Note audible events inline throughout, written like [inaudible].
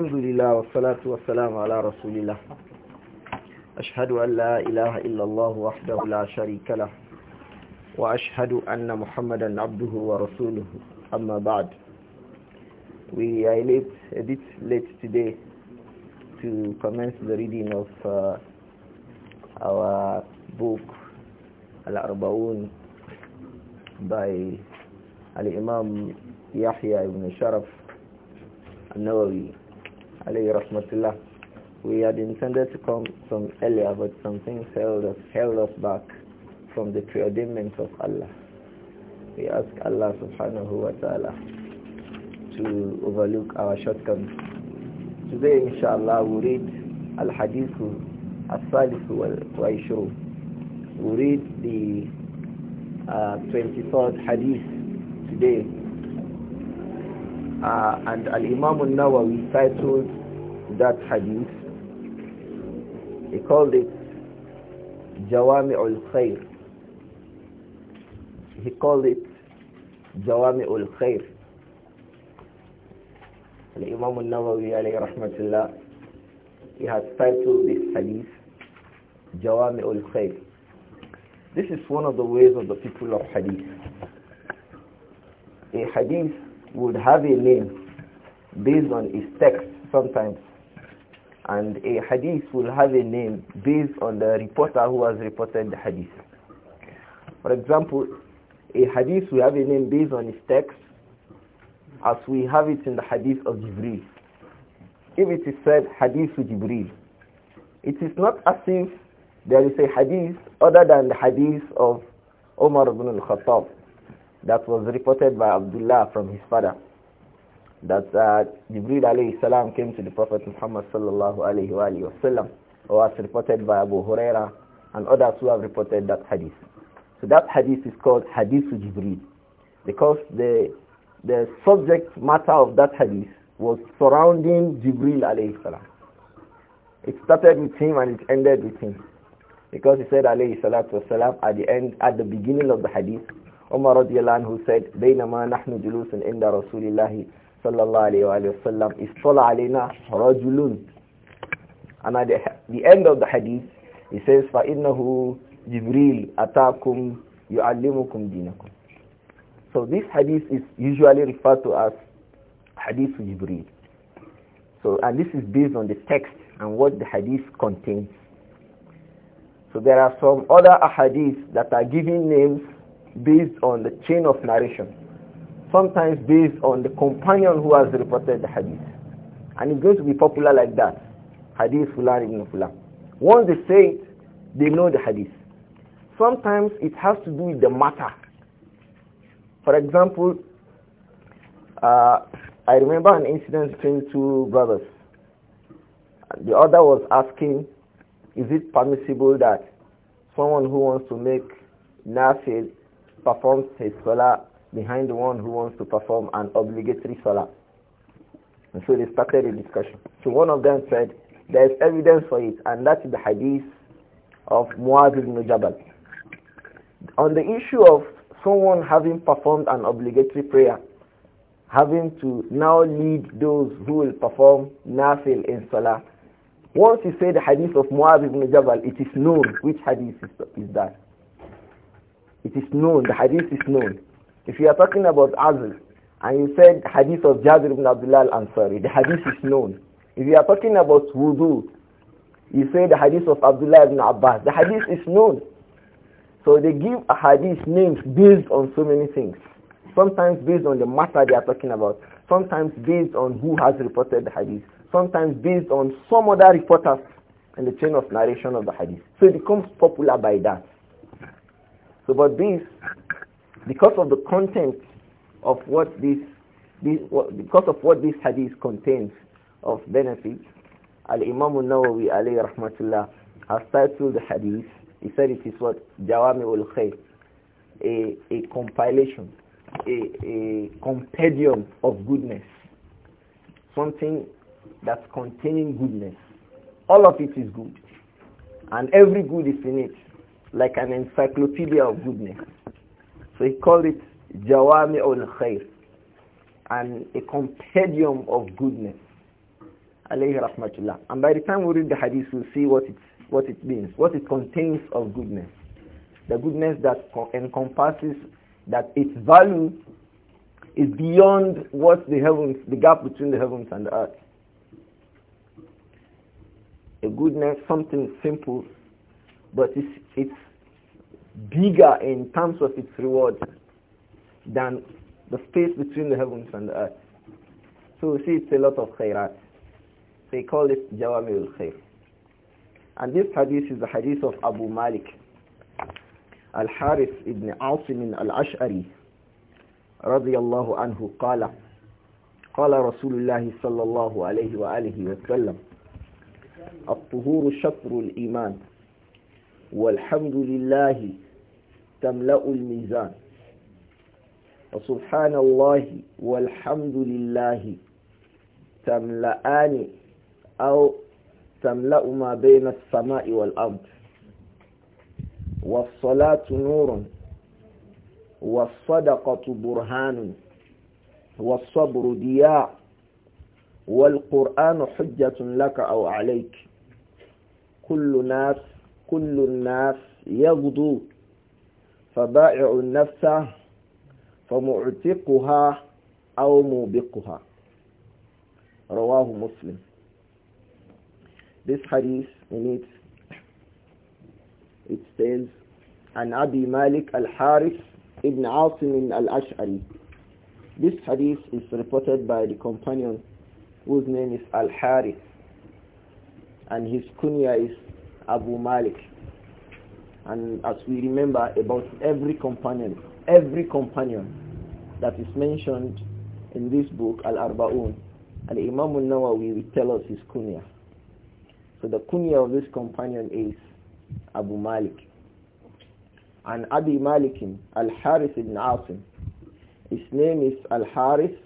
الحمد لله والصلاة والسلام على رسول الله أشهد أن لا إله إلا الله وحده لا شريك له وأشهد أن محمدا عبده ورسوله أما بعد We are late, a bit late today to commence the reading of uh, our book Al-Arbaun by Al-Imam Yahya ibn Sharaf Al-Nawawi alayhi rahmatullah. We had intended to come some earlier, but something held us, held us back from the preordainment of Allah. We ask Allah subhanahu wa ta'ala to overlook our shortcomings. Today, inshallah, we read Al-Hadith al salifu Wal-Waishur. We read the uh, 23rd Hadith today. Uh, and Al-Imam Al-Nawawi titled that hadith, he called it Jawami al-Khair. He called it Jawami al-Khair. imam al-Nawawi alayhi rahmatullah, he has titled this hadith Jawami al-Khair. This is one of the ways of the people of hadith. A hadith would have a name based on its text sometimes and a hadith will have a name based on the reporter who has reported the hadith. For example, a hadith will have a name based on its text as we have it in the hadith of Jibril. If it is said hadith of Jibril, it is not as if there is a hadith other than the hadith of Omar ibn al-Khattab that was reported by Abdullah from his father that uh, Jibril alayhi salam came to the Prophet Muhammad sallallahu alayhi wa, alayhi wa sallam, or as reported by Abu Huraira and others who have reported that hadith. So that hadith is called Hadith Jibril because the, the subject matter of that hadith was surrounding Jibril alayhi salam. It started with him and it ended with him. Because he said alayhi salatu at the end, at the beginning of the hadith, Umar radiallahu anhu said, بَيْنَمَا نَحْنُ جُلُوسٌ عِنْدَ رَسُولِ اللَّهِ sallallahu alayhi wa sallam is Tola alayna rajulun. And at the, the end of the hadith, he says, فَإِنَّهُ جِبْرِيلٌ أَتَاكُمْ يُعَلِّمُكُمْ دِينَكُمْ So this hadith is usually referred to as Hadith Jibril. So, and this is based on the text and what the hadith contains. So there are some other hadiths that are giving names based on the chain of narration sometimes based on the companion who has reported the hadith. And it's going to be popular like that. Hadith fulan ibn fulan. Once they say it, they know the hadith. Sometimes it has to do with the matter. For example, uh, I remember an incident between two brothers. The other was asking, is it permissible that someone who wants to make nafil performs his salah behind the one who wants to perform an obligatory salah. And so they started a discussion. So one of them said, there is evidence for it, and that is the hadith of Muaz ibn Jabal. On the issue of someone having performed an obligatory prayer, having to now lead those who will perform nafil in salah, once you say the hadith of Muaz ibn Jabal, it is known which hadith is, is that. It is known, the hadith is known. If you are talking about Azl, and you said hadith of Jabir ibn Abdullah al-Ansari, the hadith is known. If you are talking about wudu, you say the hadith of Abdullah ibn Abbas, the hadith is known. So they give a hadith names based on so many things. Sometimes based on the matter they are talking about. Sometimes based on who has reported the hadith. Sometimes based on some other reporters and the chain of narration of the hadith. So it becomes popular by that. So but this because of the content of what this, this because of what this hadith contains of benefits, Al-Imam al-Nawawi alayhi rahmatullah has titled the hadith, he said it is what? Jawami ul-Khayr, a, a compilation, a, a compendium of goodness, something that's containing goodness. All of it is good, and every good is in it, like an encyclopedia of goodness. So he called it Jawami ul Khair, and a compendium of goodness. Alayhi rahmatullah. And by the time we read the hadith, we'll see what it, what it means, what it contains of goodness. The goodness that encompasses, that its value is beyond what the heavens, the gap between the heavens and the earth. A goodness, something simple, but it's, it's bigger in terms of its reward than the space between the heavens and the earth. So you see it's a lot of khairat. They call it Jawami al-Khair. And this hadith is the hadith of Abu Malik al-Harith ibn Asim al-Ash'ari رضي الله عنه قال قال رسول الله صلى الله عليه وآله وسلم الطهور شطر الإيمان والحمد لله تملأ الميزان وسبحان الله والحمد لله تملأان أو تملأ ما بين السماء والأرض والصلاة نور والصدقة برهان والصبر ضياء والقرآن حجة لك أو عليك كل الناس كل الناس يغدو فبائع النفس فمعتقها أو موبقها رواه مسلم This hadith in it it says عن أبي مالك الحارث ابن al الأشعري This hadith is reported by the companion whose name is Al-Harith and his kunya is Abu Malik and as we remember about every companion, every companion that is mentioned in this book, Al-Arba'un, and Imam al-Nawawi will tell us his kunya. So the kunya of this companion is Abu Malik. And Abi Malik Al-Haris ibn Asim. His name is Al-Haris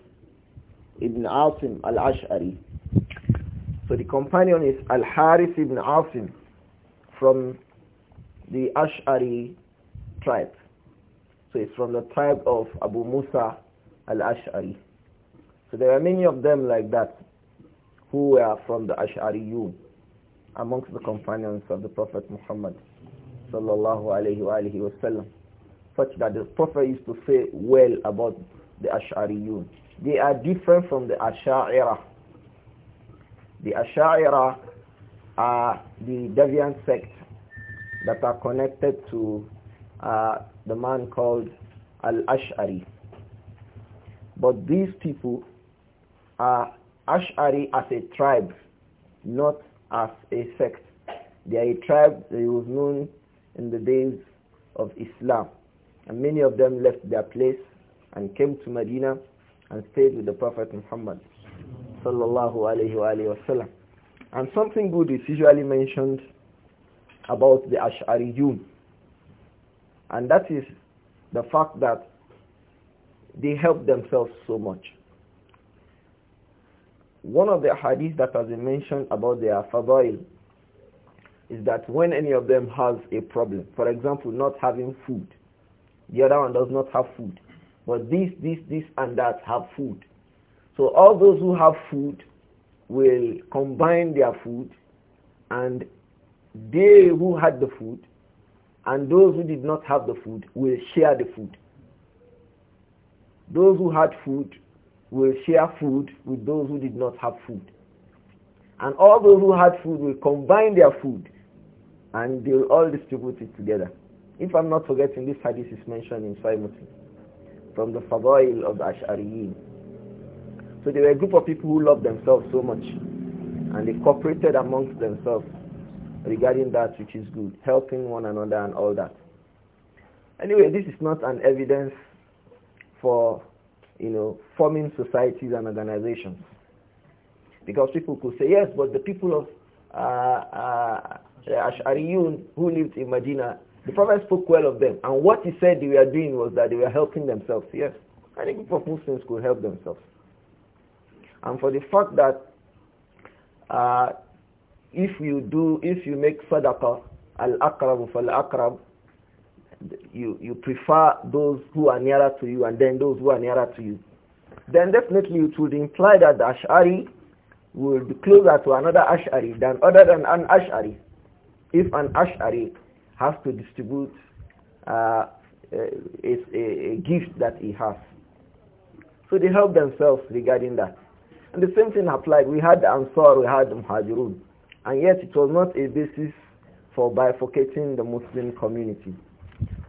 ibn Asim Al-Ash'ari. So the companion is Al-Haris ibn Asim from the Ash'ari tribe. So it's from the tribe of Abu Musa al-Ash'ari. So there are many of them like that who were from the Ash'ariyun amongst the companions of the Prophet Muhammad sallallahu alayhi wa wasallam such that the Prophet used to say well about the Ash'ariyun. They are different from the Ash'a'ira. The Ash'a'ira are the deviant sect that are connected to uh, the man called Al-Ash'ari. But these people are Ash'ari as a tribe, not as a sect. They are a tribe that was known in the days of Islam. And many of them left their place and came to Medina and stayed with the Prophet Muhammad sallallahu alayhi wa And something good is usually mentioned about the Ash'ariyun. And that is the fact that they help themselves so much. One of the hadith that has been mentioned about their fadail is that when any of them has a problem, for example, not having food, the other one does not have food, but this, this, this, and that have food. So all those who have food will combine their food and they who had the food and those who did not have the food will share the food. Those who had food will share food with those who did not have food. And all those who had food will combine their food and they will all distribute it together. If I'm not forgetting, this hadith is mentioned in Sahih Muslim from the Fadail of the Ash'ariyin. So they were a group of people who loved themselves so much and they cooperated amongst themselves regarding that which is good, helping one another and all that. Anyway, this is not an evidence for, you know, forming societies and organizations. Because people could say, yes, but the people of uh, uh, who lived in Medina, the Prophet spoke well of them. And what he said they were doing was that they were helping themselves, yes. Any group of Muslims could help themselves. And for the fact that uh, if you do, if you make sadaqah, al-akrab fal-akrab, you, you prefer those who are nearer to you and then those who are nearer to you, then definitely it would imply that the Ash'ari would be closer to another Ash'ari than other than an Ash'ari. If an Ash'ari has to distribute uh, a, a, a gift that he has. So they help themselves regarding that. And the same thing applied. We had Ansar, we had Muhajirun. And yet it was not a basis for bifurcating the Muslim community.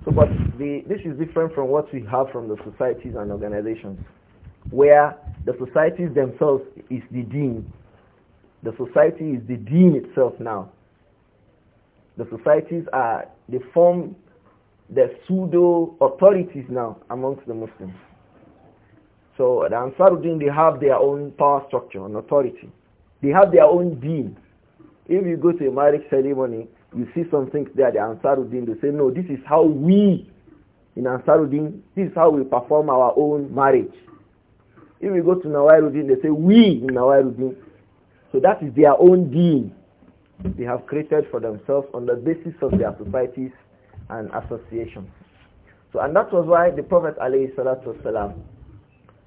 So, but the, this is different from what we have from the societies and organizations, where the societies themselves is the dean. The society is the dean itself now. The societies are, they form the pseudo authorities now amongst the Muslims. So the Ansaruddin, they have their own power structure and authority. They have their own dean. If you go to a marriage ceremony, you see something there, the Ansaruddin, they say, no, this is how we in Ansaruddin, this is how we perform our own marriage. If you go to Nawairuddin, they say, we in Nawairuddin. So that is their own deen they have created for themselves on the basis of their societies and associations. So, and that was why the Prophet ﷺ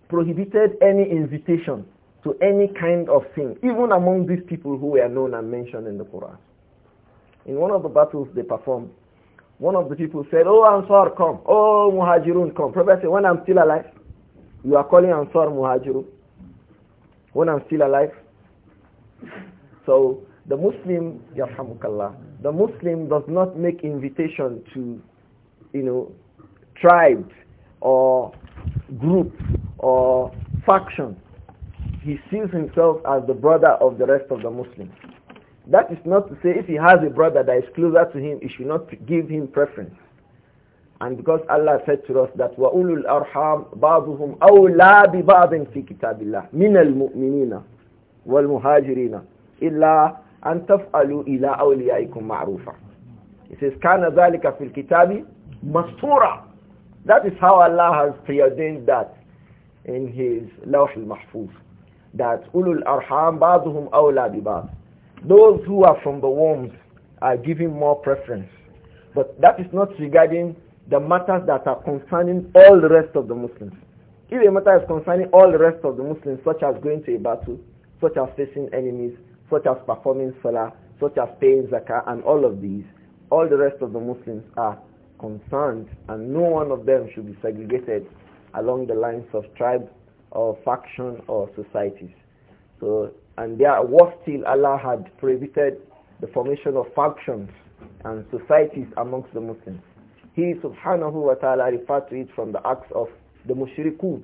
prohibited any invitation to any kind of thing, even among these people who were known and mentioned in the Quran. In one of the battles they performed, one of the people said, Oh Ansar, come. Oh Muhajirun, come. Prophet said, when I'm still alive, you are calling Ansar Muhajirun. When I'm still alive. So the Muslim, Yarhamukallah, the Muslim does not make invitation to, you know, tribes or groups or factions he sees himself as the brother of the rest of the Muslims. That is not to say if he has a brother that is closer to him, he should not give him preference. And because Allah said to us that وَأُولُو الْأَرْحَامِ بَعْضُهُمْ أَوْلَى بِبَعْضٍ فِي كِتَابِ اللَّهِ مِنَ الْمُؤْمِنِينَ وَالْمُهَاجِرِينَ إِلَّا أَن تَفْعَلُوا إِلَىٰ أَوْلِيَائِكُمْ مَعْرُوفًا It says كَانَ ذَلِكَ فِي الْكِتَابِ مَسْطُورًا That is how Allah has preordained that in his Lawh al-Mahfuz that ulul arham ba'dhum awla bi ba'd. Those who are from the wombs are given more preference. But that is not regarding the matters that are concerning all the rest of the Muslims. If a matter is concerning all the rest of the Muslims, such as going to a battle, such as facing enemies, such as performing salah, such as paying zakah, and all of these, all the rest of the Muslims are concerned, and no one of them should be segregated along the lines of tribe or faction or societies. So, and there was still Allah had prohibited the formation of factions and societies amongst the Muslims. He subhanahu wa ta'ala referred to it from the acts of the mushrikun.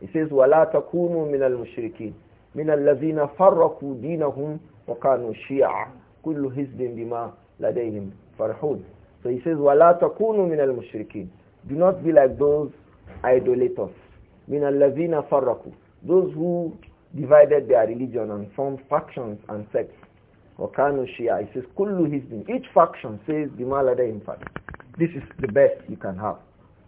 He says, وَلَا تَكُونُوا مِنَ الْمُشْرِكِينَ مِنَ الَّذِينَ فَرَّقُوا دِينَهُمْ وَكَانُوا شِيَعًا كُلُّ حِزْبٍ بِمَا لَدَيْهِمْ فَرْحُونَ So he says, وَلَا تَكُونُوا مِنَ الْمُشْرِكِينَ Do not be like those idolaters min allazina farraku those who divided their religion and formed factions and sects wakanu shia it says kullu hizbin each faction says bima ladayhim this is the best you can have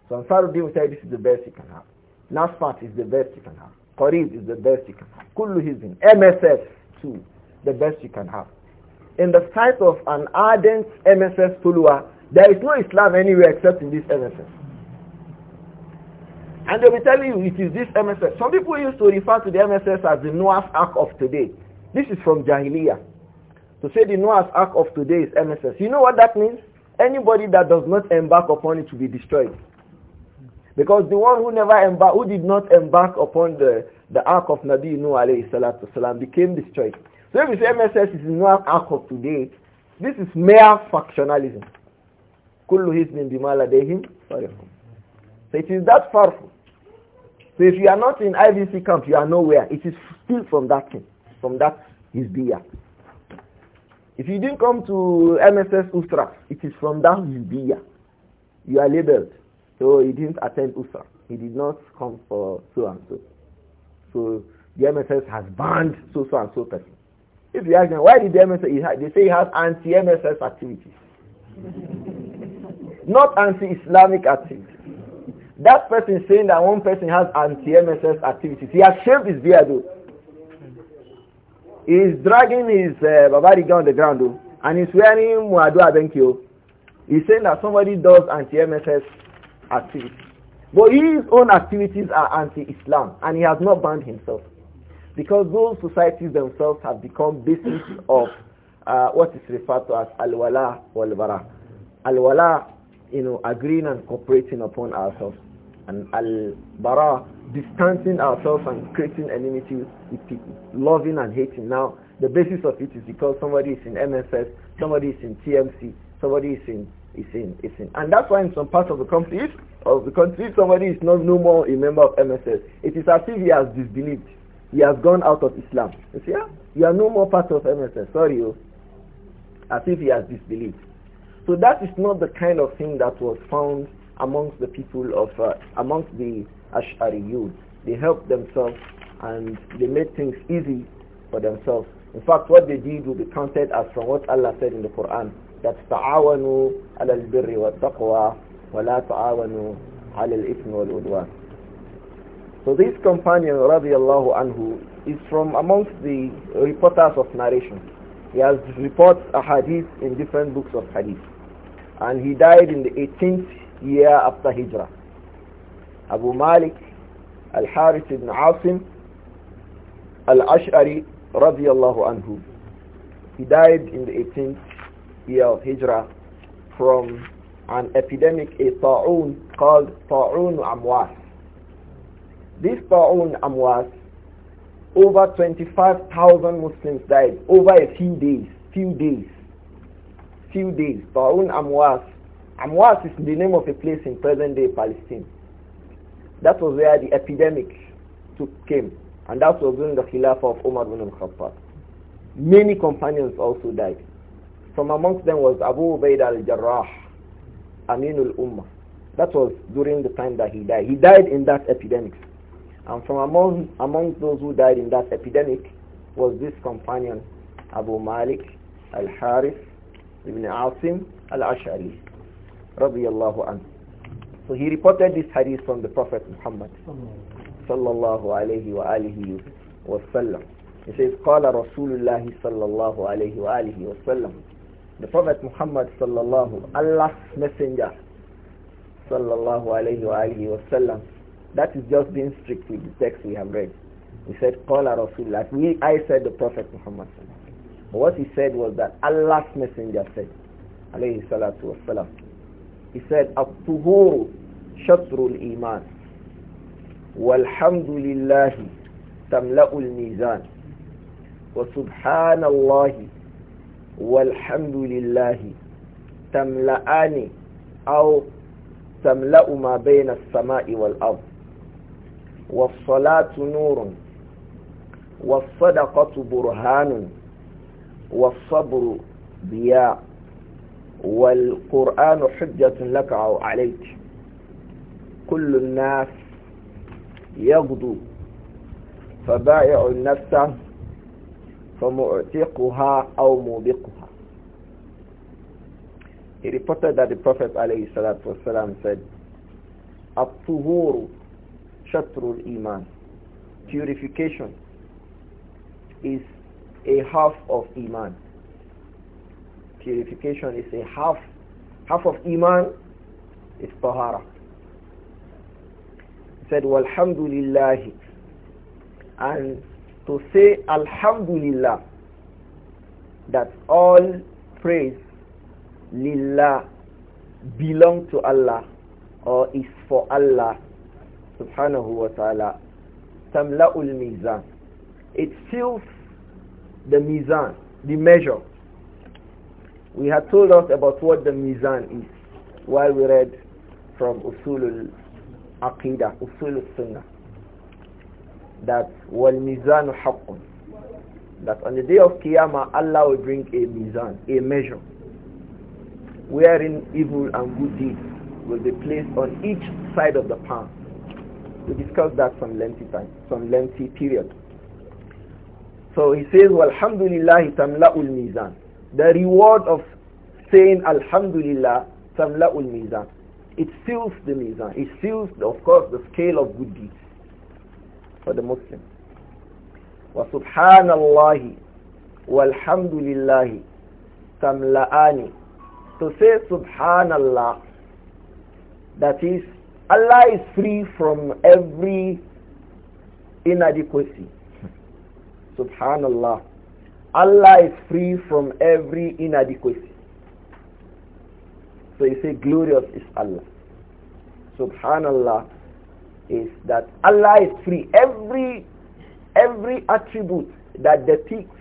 so Ansaruddin will say this is the best you can have last part is the best you can have Qareeb is the best you can have kullu hizbin MSF too the best you can have in the sight of an ardent MSS follower there is no Islam anywhere except in this MSS and they'll be telling you it is this MSS. Some people used to refer to the MSS as the Noah's Ark of today. This is from Jahiliyyah. To say the Noah's Ark of today is MSS. You know what that means? Anybody that does not embark upon it will be destroyed. Because the one who never embark, who did not embark upon the, the Ark of Nabi Noah alayhi salatu salam became destroyed. So if you say MSS is the Noah's Ark of today, this is mere factionalism. Kullu حزب بما لديهم Sorry. So it is that powerful. So if you are not in IVC camp, you are nowhere. It is still from that thing, from that his If you didn't come to MSS Ustra, it is from that his You are labeled. So he didn't attend Ustra. He did not come for so and so. So the MSS has banned so so and so person. If you ask them why did the MSS, they say he has anti-MSS activities, [laughs] not anti-Islamic activities. That person saying that one person has anti-MSS activities, he has shaved his beard though. He is dragging his uh, down on the ground though, and he's wearing muadu abenkyo. He's saying that somebody does anti-MSS activities. But his own activities are anti-Islam, and he has not banned himself. Because those societies themselves have become basis of uh, what is referred to as al-wala wal-bara. Al-wala, you know, agreeing and cooperating upon ourselves and al-bara, distancing ourselves and creating enmity with people, loving and hating. Now, the basis of it is because somebody is in MSS, somebody is in TMC, somebody is in is in is in, and that's why in some parts of the country, of the country, somebody is not no more a member of MSS, it is as if he has disbelieved, he has gone out of Islam. You see, yeah, you are no more part of MSS. Sorry, you, oh. as if he has disbelieved. So that is not the kind of thing that was found amongst the people of, uh, amongst the youth, They helped themselves and they made things easy for themselves. In fact, what they did will be counted as from what Allah said in the Quran, that ta'awanu ala al-birri wa taqwa wa la ta'awanu ala al-ithmi wal udwan. So this companion, radiallahu anhu, is from amongst the reporters of narration. He has reports a hadith in different books of hadith. And he died in the 18th year after Hijrah. Abu Malik Al-Harith ibn Asim Al-Ash'ari radiallahu anhu. He died in the 18th year of Hijrah from an epidemic, a ta'un called ta'un amwas. This ta'un amwas, over 25,000 Muslims died over a few days, few days, few days. Ta'un amwas Amwas is the name of a place in present-day Palestine. That was where the epidemic took, came. And that was during the Khilafah of Umar ibn al-Khattab. Many companions also died. From amongst them was Abu Ubaid al-Jarrah, Aminul Ummah. That was during the time that he died. He died in that epidemic. And from among, among those who died in that epidemic was this companion, Abu Malik al-Harith ibn Asim al ashali radiallahu anhu. So he reported this hadith from the Prophet Muhammad sallallahu alayhi wa alihi wa sallam. He says, قال رسول الله صلى الله عليه وآله وسلم The Prophet Muhammad sallallahu Allah's messenger sallallahu alayhi wa alihi wa That is just being strict with the text we have read. He said, قال رسول الله we, I said the Prophet Muhammad sallallahu What he said was that Allah's messenger said alayhi salatu wa He said, الطهور شطر الإيمان والحمد لله تملأ الميزان وسبحان الله والحمد لله تملأني أو تملأ ما بين السماء والأرض والصلاة نور والصدقة برهان والصبر ضياء والقرآن حجة لك أو عليك كل الناس يغدو فبائع النفس فمعتقها أو موبقها He reported that the Prophet والسلام, said, الطهور شطر iman Purification is a half of Iman. purification is a half half of iman is tahara he said walhamdulillah and to say alhamdulillah that all praise lillah belong to Allah or is for Allah subhanahu wa ta'ala tamla'ul mizan it fills the mizan the measure we had told us about what the mizan is while we read from Usul al-Aqidah, Usul al-Sunnah. That wal-mizan haqqun. That on the day of Qiyamah, Allah will bring a mizan, a measure, wherein evil and good deeds will be placed on each side of the palm. We discussed that some lengthy time, some lengthy period. So he says, وَالْحَمْدُ لِلَّهِ ul mizan the reward of saying Alhamdulillah tamla'ul mizan. It fills the mizan. It fills, of course, the scale of good deeds for the Muslim. وَسُبْحَانَ اللَّهِ وَالْحَمْدُ لِلَّهِ تَمْلَآنِ To say Subhanallah, that is, Allah is free from every inadequacy. Subhanallah. Allah is free from every inadequacy. So you say glorious is Allah. Subhanallah is that Allah is free. Every every attribute that depicts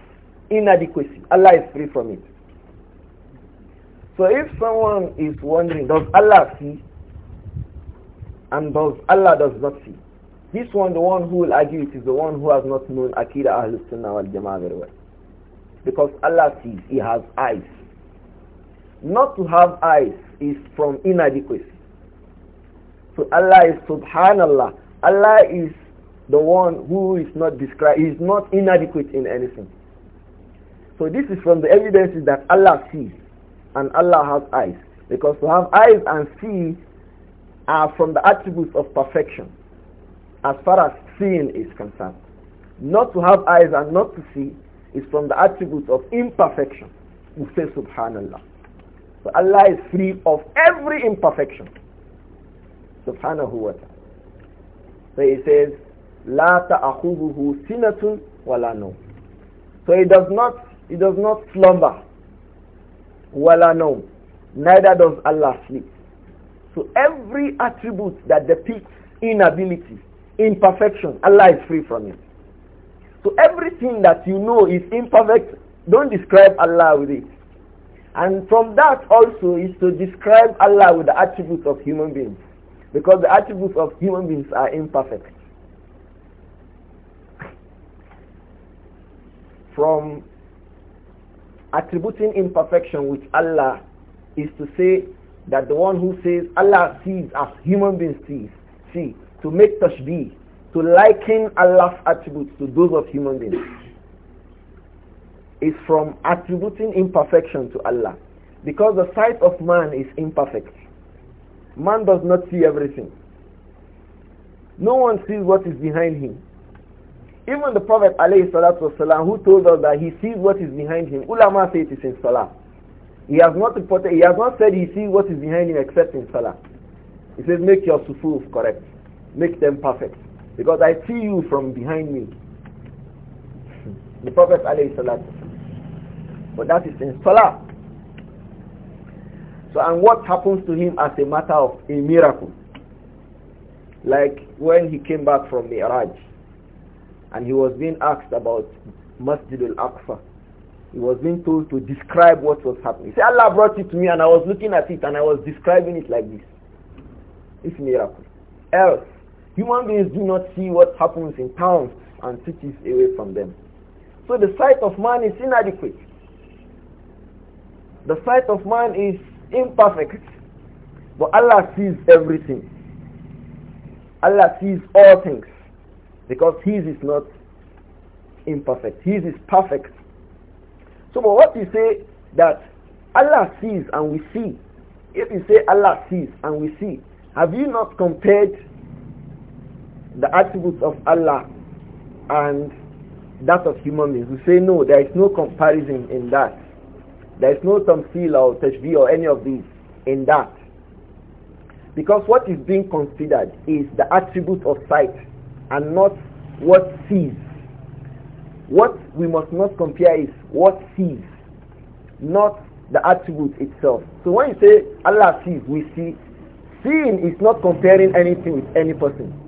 inadequacy, Allah is free from it. So if someone is wondering, does Allah see? And does Allah does not see? This one, the one who will argue it is the one who has not known Akira Ahlus Sunnah wal Jama'ah very well. Because Allah sees, He has eyes. Not to have eyes is from inadequacy. So Allah is subhanallah. Allah is the one who is not described, is not inadequate in anything. So this is from the evidences that Allah sees and Allah has eyes. Because to have eyes and see are from the attributes of perfection as far as seeing is concerned. Not to have eyes and not to see is from the attributes of imperfection. We say subhanallah. So Allah is free of every imperfection. Subhanahu wa ta'ala. So he says, La ta'akhuhu sinatun ولا نوم. So he does not, he does not slumber. ولا نوم. Neither does Allah sleep. So every attribute that depicts inability, imperfection, Allah is free from it. So everything that you know is imperfect. Don't describe Allah with it. And from that also is to describe Allah with the attributes of human beings. Because the attributes of human beings are imperfect. From attributing imperfection with Allah is to say that the one who says Allah sees as human beings sees, see, to make tashbih, to liken Allah's attributes to those of human beings is from attributing imperfection to Allah. Because the sight of man is imperfect. Man does not see everything. No one sees what is behind him. Even the Prophet والسلام, who told us that he sees what is behind him, ulama say it is in salah. He has not reported, he has not said he sees what is behind him except in salah. He says, make your sufuf correct. Make them perfect. Because I see you from behind me. The Prophet alayhi salatu. But that is in Salah. So and what happens to him as a matter of a miracle? Like when he came back from Mi'raj and he was being asked about Masjid al-Aqsa. He was being told to describe what was happening. He said, Allah brought it to me and I was looking at it and I was describing it like this. It's miracle. Else, Human beings do not see what happens in towns and cities away from them. So the sight of man is inadequate. The sight of man is imperfect. But Allah sees everything. Allah sees all things. Because His is not imperfect. His is perfect. So but what you say that Allah sees and we see. If you say Allah sees and we see, have you not compared the attributes of Allah and that of human beings. We say no, there is no comparison in that. There is no tamthil or tashbih or any of these in that. Because what is being considered is the attribute of sight and not what sees. What we must not compare is what sees, not the attribute itself. So when you say Allah sees, we see, seeing is not comparing anything with any person.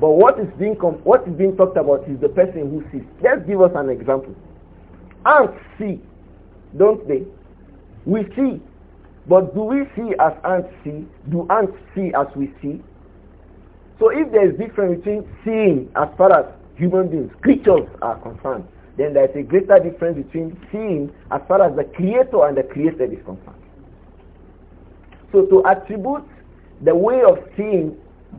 But what is being what is being talked about is the person who sees. Let's give us an example. Ants see, don't they? We see. But do we see as ants see? Do ants see as we see? So if there is difference between seeing as far as human beings, creatures are concerned, then there is a greater difference between seeing as far as the creator and the created is concerned. So to attribute the way of seeing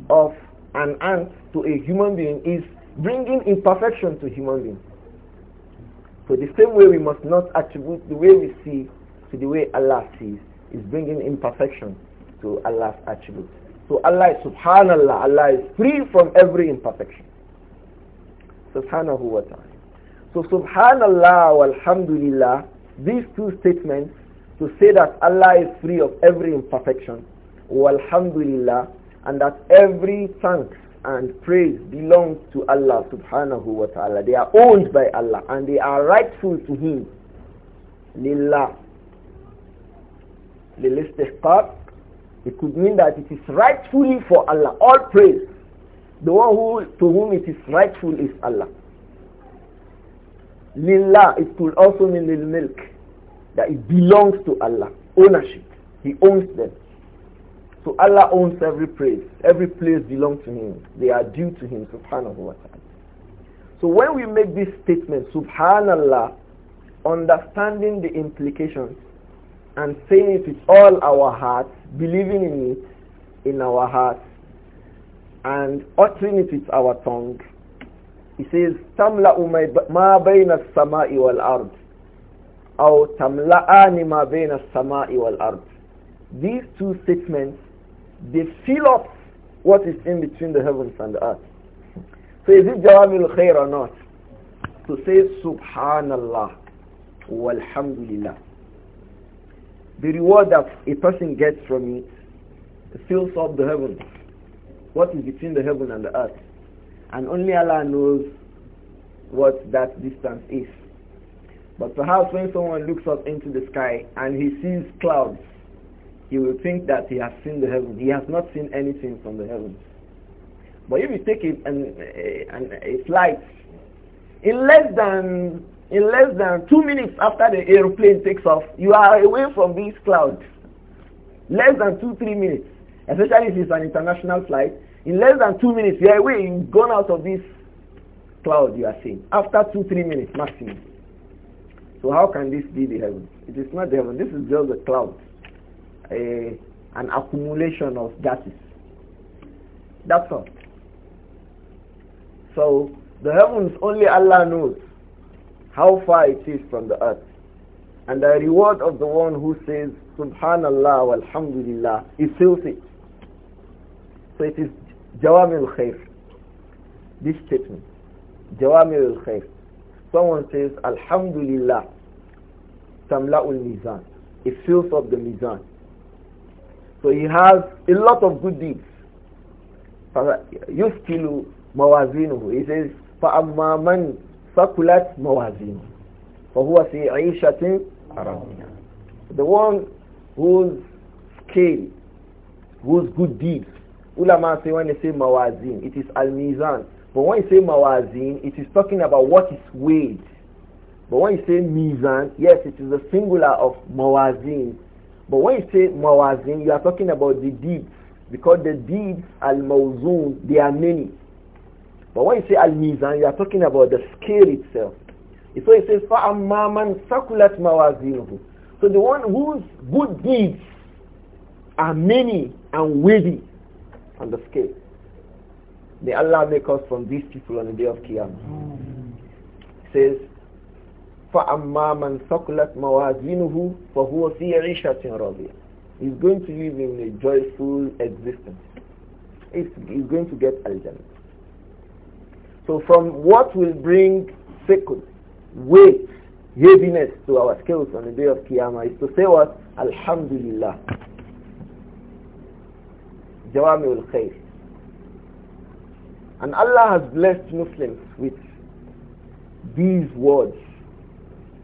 of an ant to a human being is bringing imperfection to human being. So the same way we must not attribute the way we see to the way Allah sees is bringing imperfection to Allah's attributes. So Allah is subhanallah, Allah is free from every imperfection. Subhanahu wa ta'ala. So subhanallah alhamdulillah, these two statements to say that Allah is free of every imperfection, walhamdulillah, and that every thanks and praise belongs to Allah subhanahu wa ta'ala. They are owned by Allah and they are rightful to Him. Lillah. part, It could mean that it is rightfully for Allah. All praise. The one who, to whom it is rightful is Allah. Lillah, it could also mean lil milk. That it belongs to Allah. Ownership. He owns them. So Allah owns every place. Every place belongs to Him. They are due to Him, subhanahu wa ta'ala. So when we make this statement, subhanallah, understanding the implications and saying it with all our hearts, believing in it in our hearts, and uttering it with our tongue, he says, تَمْلَأُ مَا بَيْنَ السَّمَاءِ وَالْأَرْضِ أو تَمْلَأَنِ مَا بَيْنَ السَّمَاءِ وَالْأَرْضِ These two statements they fill up what is in between the heavens and the earth. So is it Jawamil Khair or not? To say Subhanallah Walhamdulillah. The reward that a person gets from it fills up the heavens. What is between the heaven and the earth. And only Allah knows what that distance is. But perhaps when someone looks up into the sky and he sees clouds, he will think that he has seen the heaven. He has not seen anything from the heavens. But if you take it and and a flight, in less than in less than two minutes after the airplane takes off, you are away from these clouds. Less than two three minutes, especially if it's an international flight. In less than two minutes, you are away. You've gone out of this cloud you are seeing after two three minutes maximum. So how can this be the heaven? It is not the heaven. This is just a cloud a, an accumulation of gases. That's all. So the heavens only Allah knows how far it is from the earth. And the reward of the one who says Subhanallah walhamdulillah, is fills it. So it is Jawamil Khair. This statement. Jawamil Khair. Someone says Alhamdulillah. Tamla'ul Mizan. It fills up the Mizan. So he has a lot of good deeds. يثقل موازينه He says فأما من ثقلت موازينه فهو في عيشة The one whose scale, whose good deeds, ulama say when they say mawazin, it is al-mizan. But when you say mawazin, it is talking about what is weighed. But when you say mizan, yes, it is the singular of mawazin, but when you say mawazin, you are talking about the deeds. Because the deeds, al-mawzun, they are many. But when you say al-mizan, you are talking about the scale itself. So it says, فَأَمَّا مَنْ سَكُلَتْ مَوَازِينُهُ So the one whose good deeds are many and weighty on the scale. May Allah make us from these people on the day of Qiyamah. Says, فَأَمَّا مَنْ ثَقُلَتْ مَوَازِينُهُ فَهُوَ فِي عِيشَةٍ رَضِيَةٍ He's going to live in a joyful existence. He's, he's going to get al So from what will bring sickle, weight, heaviness to our scales on the day of Qiyamah is to say what? Alhamdulillah. Jawami'ul Khair. And Allah has blessed Muslims with these words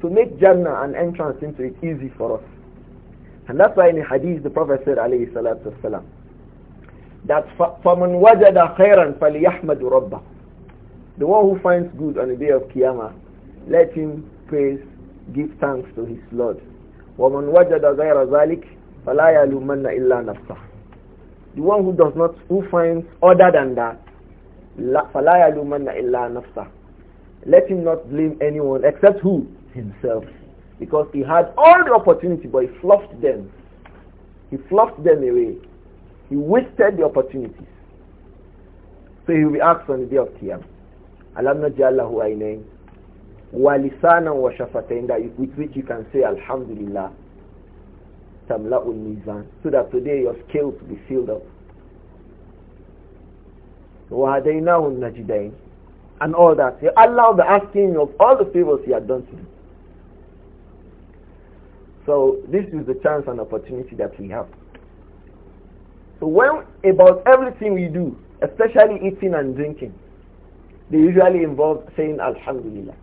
to make Jannah an entrance into it easy for us. And that's why in the hadith the Prophet said alayhi salatu wasalam that فَمَنْ وَجَدَ خَيْرًا فَلْيَحْمَدُ رَبَّهُ The one who finds good on the day of Qiyamah, let him praise, give thanks to his Lord. وَمَنْ وَجَدَ غَيْرَ ذَلِكَ فَلَا يَلُومَنَّ إِلَّا نَفْسَهُ The one who does not, who finds other than that, فَلَا يَلُومَنَّ إِلَّا نَفْسَهُ Let him not blame anyone except who? himself because he had all the opportunity but he fluffed them. He fluffed them away. He wasted the opportunities. So he will be asked on the day of Qiyam. Alam najallahu ainain. Walisana wa shafatain that with which you can say Alhamdulillah. Tamla'ul mizan. So that today your scale will be filled up. Wahadainahu najidain. And all that. He allowed the asking of all the favors he had done to him. So this is the chance and opportunity that we have. So when about everything we do, especially eating and drinking, they usually involve saying Alhamdulillah.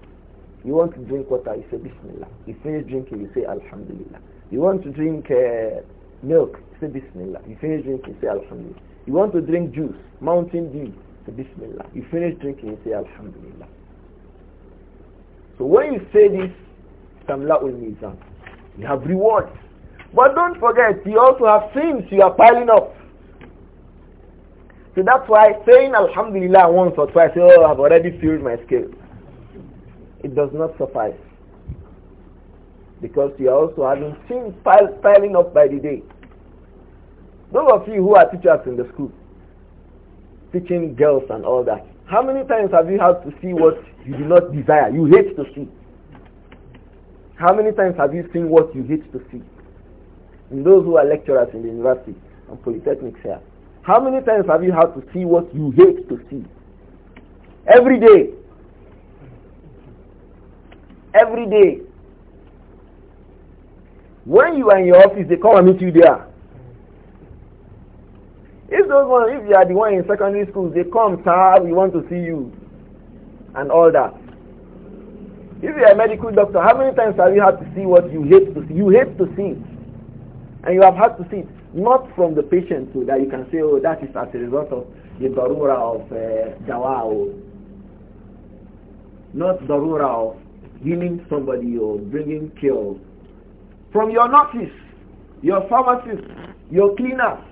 You want to drink water, you say Bismillah. You finish drinking, you say Alhamdulillah. You want to drink uh, milk, say Bismillah. You finish drinking, you say Alhamdulillah. You want to drink juice, Mountain Dew, say Bismillah. You finish drinking, you say Alhamdulillah. So when you say this, Tamla'ul Mizan, you have rewards. But don't forget, you also have sins you are piling up. So that's why saying Alhamdulillah once or twice, oh, I've already filled my scale. It does not suffice. Because you are also having sins piling up by the day. Those of you who are teachers in the school, teaching girls and all that, how many times have you had to see what you do not desire, you hate to see? How many times have you seen what you hate to see? In those who are lecturers in the university and polytechnics here, how many times have you had to see what you hate to see? Every day. Every day. When you are in your office, they come and meet you there. If those ones, if you are the one in secondary school, they come, sir, we want to see you, and all that. If you are a medical doctor, how many times have you had to see what you hate to see? You hate to see it. And you have had to see it, not from the patient so that you can say, oh, that is as a result of the darura of uh, dawa not darura of healing somebody or bringing cure. From your nurses, your pharmacist, your cleaners,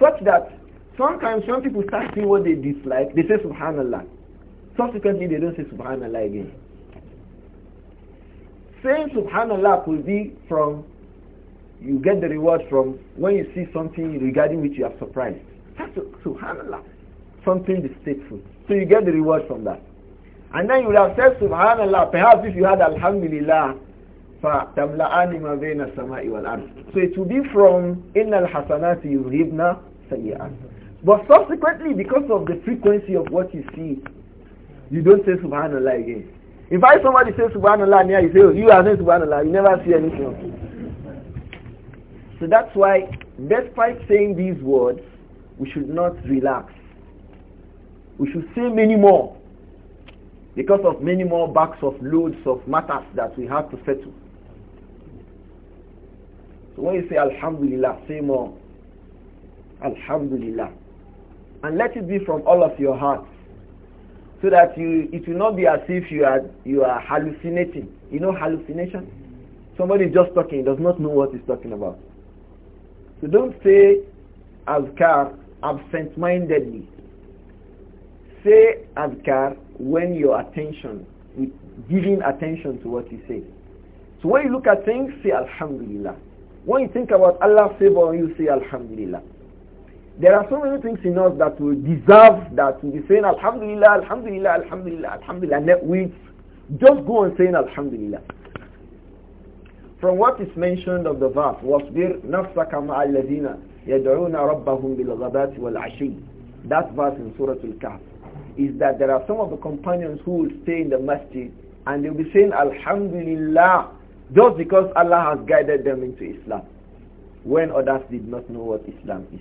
such that sometimes some people start seeing what they dislike, they say subhanallah. Subsequently, they don't say subhanallah again. Saying subhanallah could be from you get the reward from when you see something regarding which you are surprised. That's subhanallah. Something distasteful. So you get the reward from that. And then you would have said subhanallah, perhaps if you had alhamdulillah, فَتَمْلَأَنِ مَا بَيْنَ السَّمَاءِ وَالْأَرْضِ So it will be from إِنَّ الْحَسَنَاتِ يُذْهِبْنَا سَيِّئَاتِ But subsequently, because of the frequency of what you see, you don't say subhanallah again. In fact, somebody says subhanallah near you, say, oh, you are saying subhanallah, you never see anything. So that's why, despite saying these words, we should not relax. We should say many more because of many more bags of loads of matters that we have to settle. So when you say Alhamdulillah, say more. Alhamdulillah. And let it be from all of your heart so that you it will not be as if you are you are hallucinating you know hallucination somebody just talking does not know what he's talking about so don't say azkar absent-mindedly say azkar when your attention with giving attention to what you say so when you look at things say alhamdulillah when you think about allah's favor you say alhamdulillah there are so many things in us that will deserve that we be saying Alhamdulillah, Alhamdulillah, Alhamdulillah, Alhamdulillah. And we just go on saying Alhamdulillah. From what is mentioned of the verse, وَاصْبِرْ نَفْسَكَ مَعَ الَّذِينَ bil رَبَّهُمْ wal وَالْعَشِيِّ That verse in Surah Al-Kahf is that there are some of the companions who will stay in the masjid and they'll be saying Alhamdulillah just because Allah has guided them into Islam when others did not know what Islam is.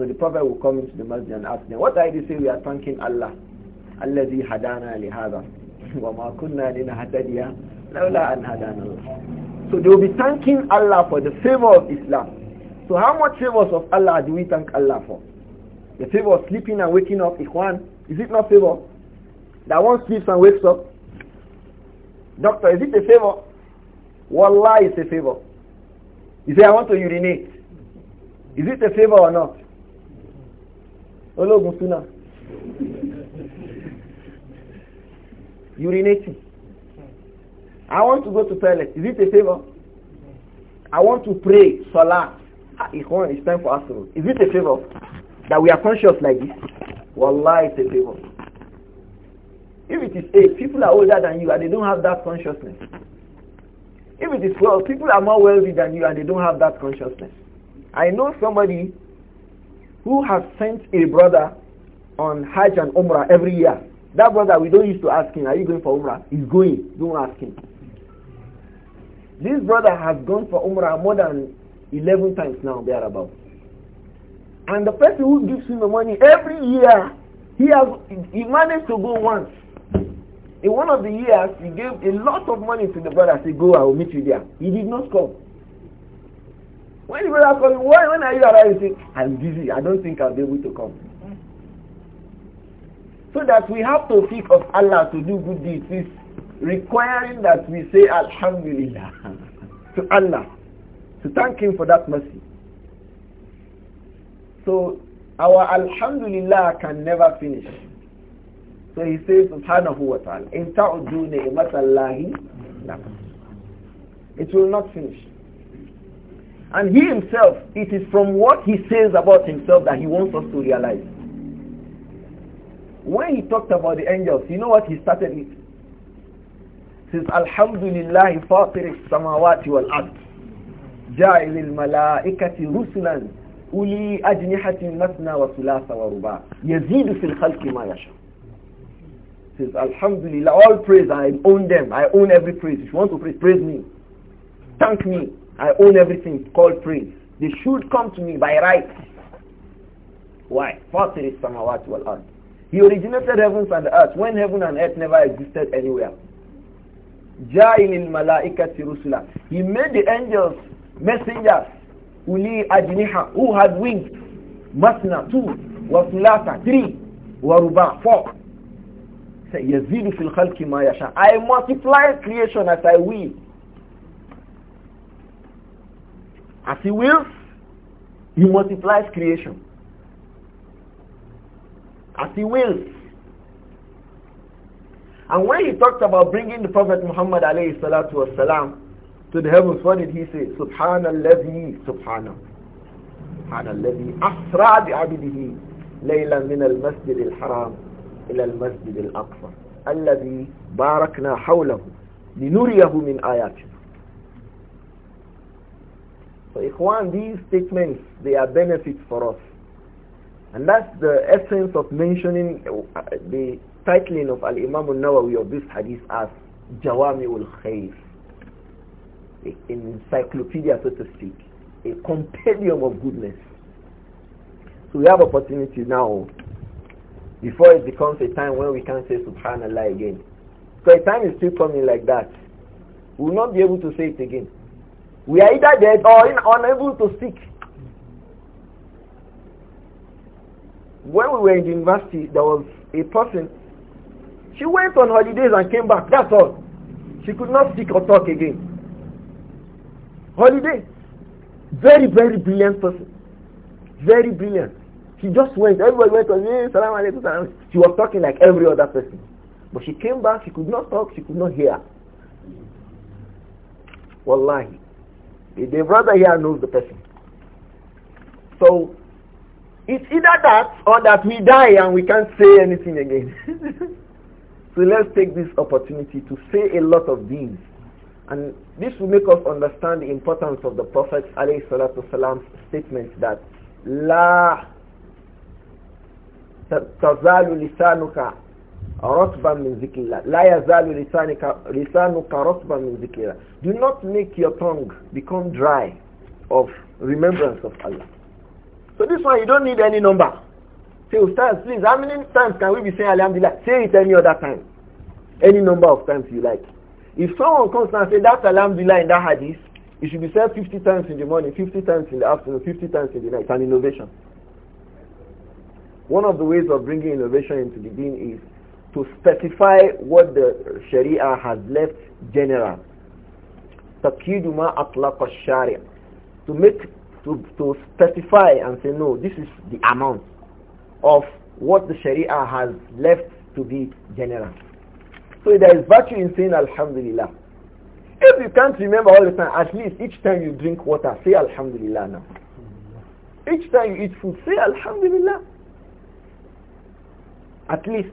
So the Prophet will come into the masjid and ask them, what are you saying? We are thanking Allah. hadana هدانا لهذا وما كنا لنهتدي لولا أن هدانا So they will be thanking Allah for the favor of Islam. So how much favors of Allah do we thank Allah for? The favor of sleeping and waking up, Ikhwan, is it not favor? That one sleeps and wakes up. Doctor, is it a favor? Wallah, it's a favor. You say, I want to urinate. Is it a favor or not? ológun súnà urinating i want to go to toilet is it a favour i want to pray salah ah, ikhwan it's time for us to is it a favour that we are conscious like this wallah it's a favour if it is eight people are older than you and they don't have that consciousness if it is twelve people are more wealthy than you and they don't have that consciousness i know somebody who has sent a brother on Hajj and Umrah every year. That brother, we don't used to ask him, are you going for Umrah? He's going. Don't ask him. This brother has gone for Umrah more than 11 times now, thereabout. And the person who gives him the money every year, he has he managed to go once. In one of the years, he gave a lot of money to the brother. He said, go, I will meet you there. He did not come. When brother coming, when, when are you arriving? say, I'm busy. I don't think I'll be able to come. So that we have to think of Allah to do good deeds is requiring that we say Alhamdulillah [laughs] to Allah, to thank Him for that mercy. So our Alhamdulillah can never finish. So he says, Subhanahu wa ta'ala, in ta'udu ni'matallahi, it will not finish. And he himself, it is from what he says about himself that he wants us to realize. When he talked about the angels, you know what he started with? He says, Alhamdulillah, فاطر السماوات والأرض جاعل الملائكة رسلا أولي أجنحة مثنى وثلاث ورباع يزيد في الخلق ما يشاء says, Alhamdulillah, all praise, I own them. I own every praise. If you want to praise, praise me. Thank me. I own everything called Prince, They should come to me by right. Why? Fatir is samawat wal ard. He originated heavens and earth when heaven and earth never existed anywhere. Ja'ilil malaikati rusula. He made the angels messengers uli ajniha who had wings. Masna two, wa thulatha three, wa ruba four. Say yazidu fil ma yasha. I multiply creation as I will. As he wills, he multiplies creation. As he wills. And when he talked about bringing the Prophet Muhammad alayhi salatu wasalam to the heavens, what did he say? Subhanallah, subhanah. Subhanallah, asra bi abidihi layla min al-masjid al-haram ila al-masjid al-aqsa. الذي باركنا حوله لنريه min آياته so Ikhwan, these statements, they are benefits for us. And that's the essence of mentioning uh, the titling of Al-Imam al-Nawawi of this hadith as Jawami'ul Khayf. An encyclopedia, so to speak. A compendium of goodness. So we have opportunity now, before it becomes a time when we can't say Subhanallah again. Because time is still coming like that. We will not be able to say it again. We are either dead or in, unable to speak. When we were in the university, there was a person. She went on holidays and came back. That's all. She could not speak or talk again. Holiday. Very, very brilliant person. Very brilliant. She just went. Everybody went on, hey, salam salam. She was talking like every other person. But she came back. She could not talk. She could not hear. Wallahi. The brother here knows the person. So it's either that or that we die and we can't say anything again. [laughs] so let's take this opportunity to say a lot of these. And this will make us understand the importance of the Prophet's statement that La تزال لسانك do not make your tongue become dry of remembrance of Allah so this one you don't need any number say ustaz please how many times can we be saying alhamdulillah say it any other time any number of times you like if someone comes and say that alhamdulillah in that hadith it should be said 50 times in the morning 50 times in the afternoon 50 times in the night it's an innovation one of the ways of bringing innovation into the deen is to specify what the Sharia has left general. تَقْيِدُ مَا أَطْلَقَ To make, to, to specify and say no, this is the amount of what the Sharia has left to be general. So there is virtue in saying Alhamdulillah. If you can't remember all the time, at least each time you drink water, say Alhamdulillah now. Each time you eat food, say Alhamdulillah. At least.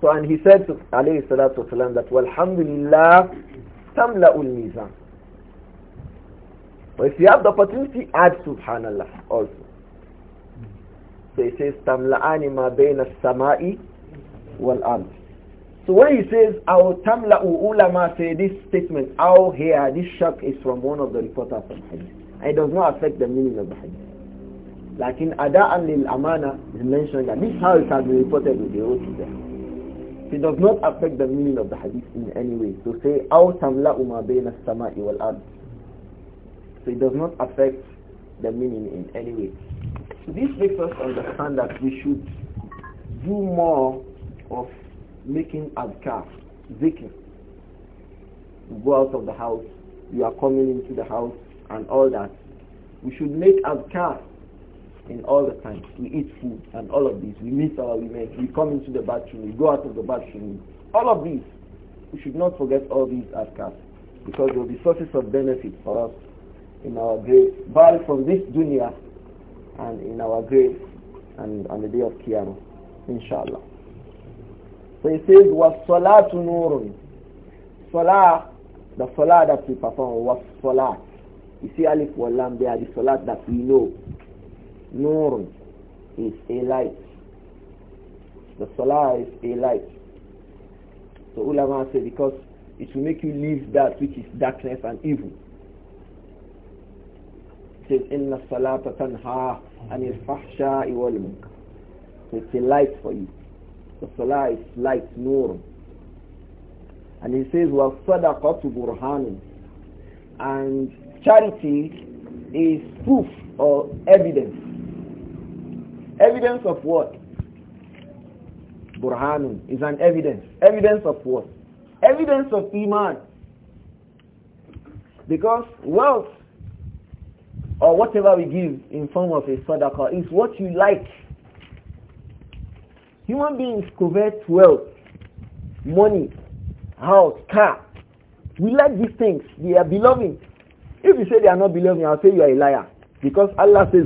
So and he said to alayhi salatu wasalam that walhamdulillah tamla'ul mizan. But if you have the opportunity, add subhanallah also. So he says tamla'ani ma bayna samai wal ard. So when he says our tamla'u ulama say this statement, our here, this shock is from one of the reporters of hadith. And it does not affect the meaning of the hadith. Like in Ada'an lil Amana is mentioned that this is how it has been reported with the oath there. It does not affect the meaning of the hadith in any way. So say, أَوْ تَمْلَأُ مَا بَيْنَ السَّمَاءِ وَالْأَرْضِ So it does not affect the meaning in any way. So this makes us understand that we should do more of making adhkar, zikr. You go out of the house, you are coming into the house and all that. We should make adhkar in all the time. We eat food and all of these. We meet our women. We come into the bathroom. We go out of the bathroom. All of these. We should not forget all these aspects because they will be sources of benefit for us in our grave, both from this dunya and in our grave and on the day of Qiyamah, inshallah. So he says, وَالصَّلَاةُ نُورٌ Salah, the salah that we perform, was salah. You see, Alif Wallam, they are the salat that we know. Nur is a light. The salah is a light. So ulama say because it will make you leave that which is darkness and evil. It says, إِنَّ الصَّلَاةَ تَنْهَا and الْفَحْشَاءِ وَالْمُنْكَرِ So it's a light for you. The salah is light, nur. And he says, وَالصَّدَقَةُ Burhan. And charity is proof or evidence evidence of what? Burhanun is an evidence. Evidence of what? Evidence of Iman. Because wealth or whatever we give in form of a sadaqah is what you like. Human beings covet wealth, money, house, car. We like these things. They are beloved. If you say they are not beloved, I'll say you are a liar. Because Allah says,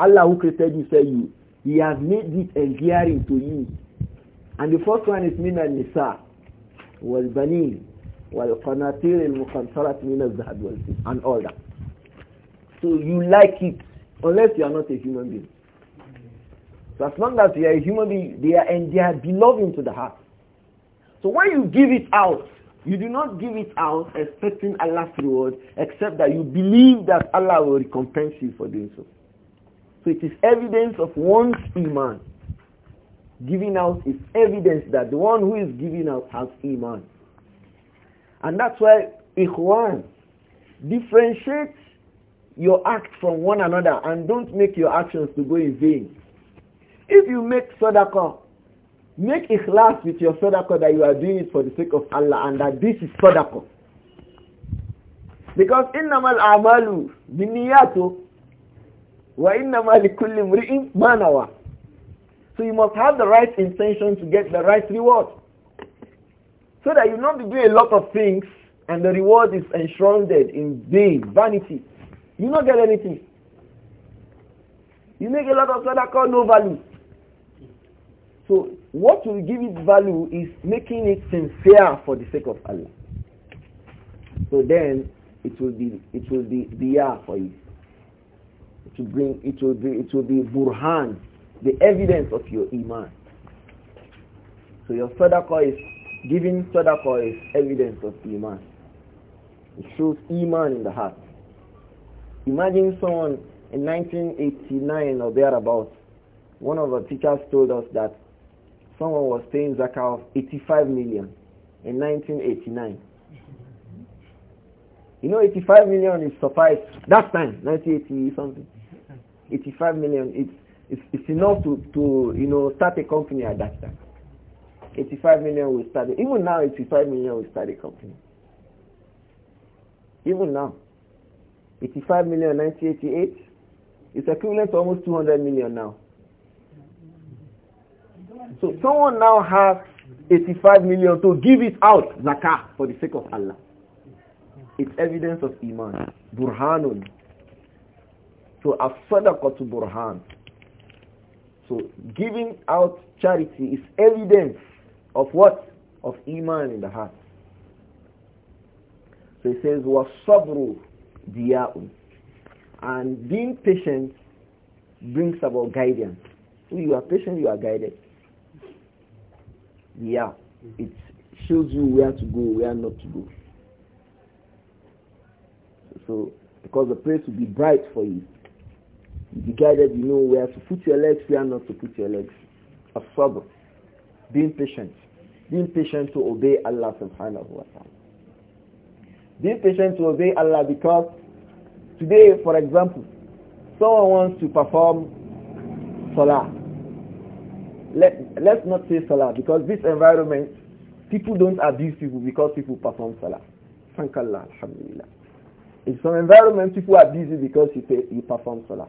Allah who created you said you. He has made it endearing to you. And the first one is mina nisa wal banin wal qanatir al muqantarat mina al wal and all that. So you like it unless you are not a human being. So as long as you are a human being, they are and they are beloved to the heart. So when you give it out, you do not give it out expecting Allah's reward, except that you believe that Allah will recompense you for doing so. So it is evidence of one's iman. Giving out is evidence that the one who is giving out has iman. And that's why ikhwan differentiates your act from one another and don't make your actions to go in vain. If you make sadaqah, make ikhlas with your sadaqah that you are doing it for the sake of Allah and that this is sadaqah. Because innamal amalu biniyatu oh, وَإِنَّمَا لِكُلِّ مْرِئٍ مَانَوَى So you must have the right intention to get the right reward. So that you not be doing a lot of things and the reward is enshrouded in vain, vanity. You not get anything. You make a lot of called no value. So what will give it value is making it sincere for the sake of Allah. So then it will be it will be diyah for you. To bring it will be it will be burhan, the evidence of your iman. So your sadaqah is giving sadaqah is evidence of iman. It shows iman in the heart. Imagine someone in 1989 or thereabouts, one of our teachers told us that someone was paying zakah of 85 million in 1989. You know, 85 million is suffice that time, 1980 something. 85 million, it's, it's, it's enough to, to, you know, start a company at that time. 85 million will start, even now 85 million will start a company. Even now. 85 million, 1988, it's equivalent to almost 200 million now. So someone now has 85 million to give it out, zakah, for the sake of Allah. It's evidence of iman. Burhanun so a sadaqatu burhan. So giving out charity is evidence of what? Of iman in the heart. So he says, وَالصَّبْرُ دِيَاءٌ And being patient brings about guidance. So you are patient, you are guided. Yeah, it shows you where to go, where not to go. So, because the place will be bright for you be guided, you know where to put your legs, where not to put your legs. of sabr. Being patient. Being patient to obey Allah subhanahu wa ta'ala. Being patient to obey Allah because today, for example, someone wants to perform salah. Let, let's not say salah because this environment, people don't abuse people because people perform salah. Thank Allah, alhamdulillah. In some environment, people abuse you because you, pay, you perform salah.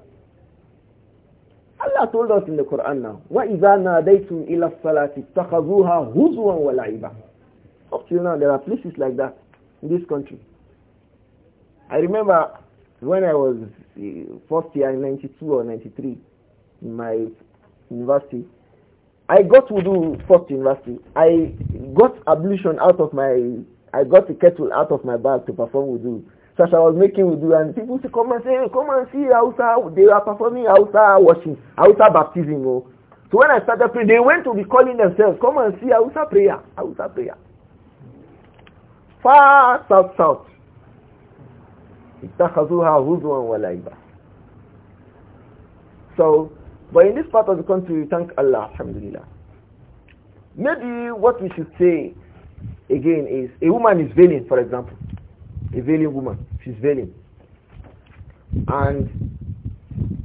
Allah told us in the Quran now, وَإِذَا نَادَيْتُمْ إِلَى الصَّلَاةِ اتَّخَذُوهَا هُزُوًا وَلَعِبًا Up till now, there are places like that in this country. I remember when I was uh, first year, 92 or 93, in my university, I got to do first university. I got ablution out of my, I got a kettle out of my bag to perform wudu. Such I was making with you and people to come and say, come and see Hausa, they are performing Hausa washing, Hausa baptism. Oh. So when I started praying, they went to be calling themselves, come and see Hausa prayer, Hausa prayer. Far south south. اتخذوها هزوا ولعبا so but in this part of the country we thank Allah alhamdulillah maybe what we should say again is a woman is veiling for example a veiling woman. She's veiling. And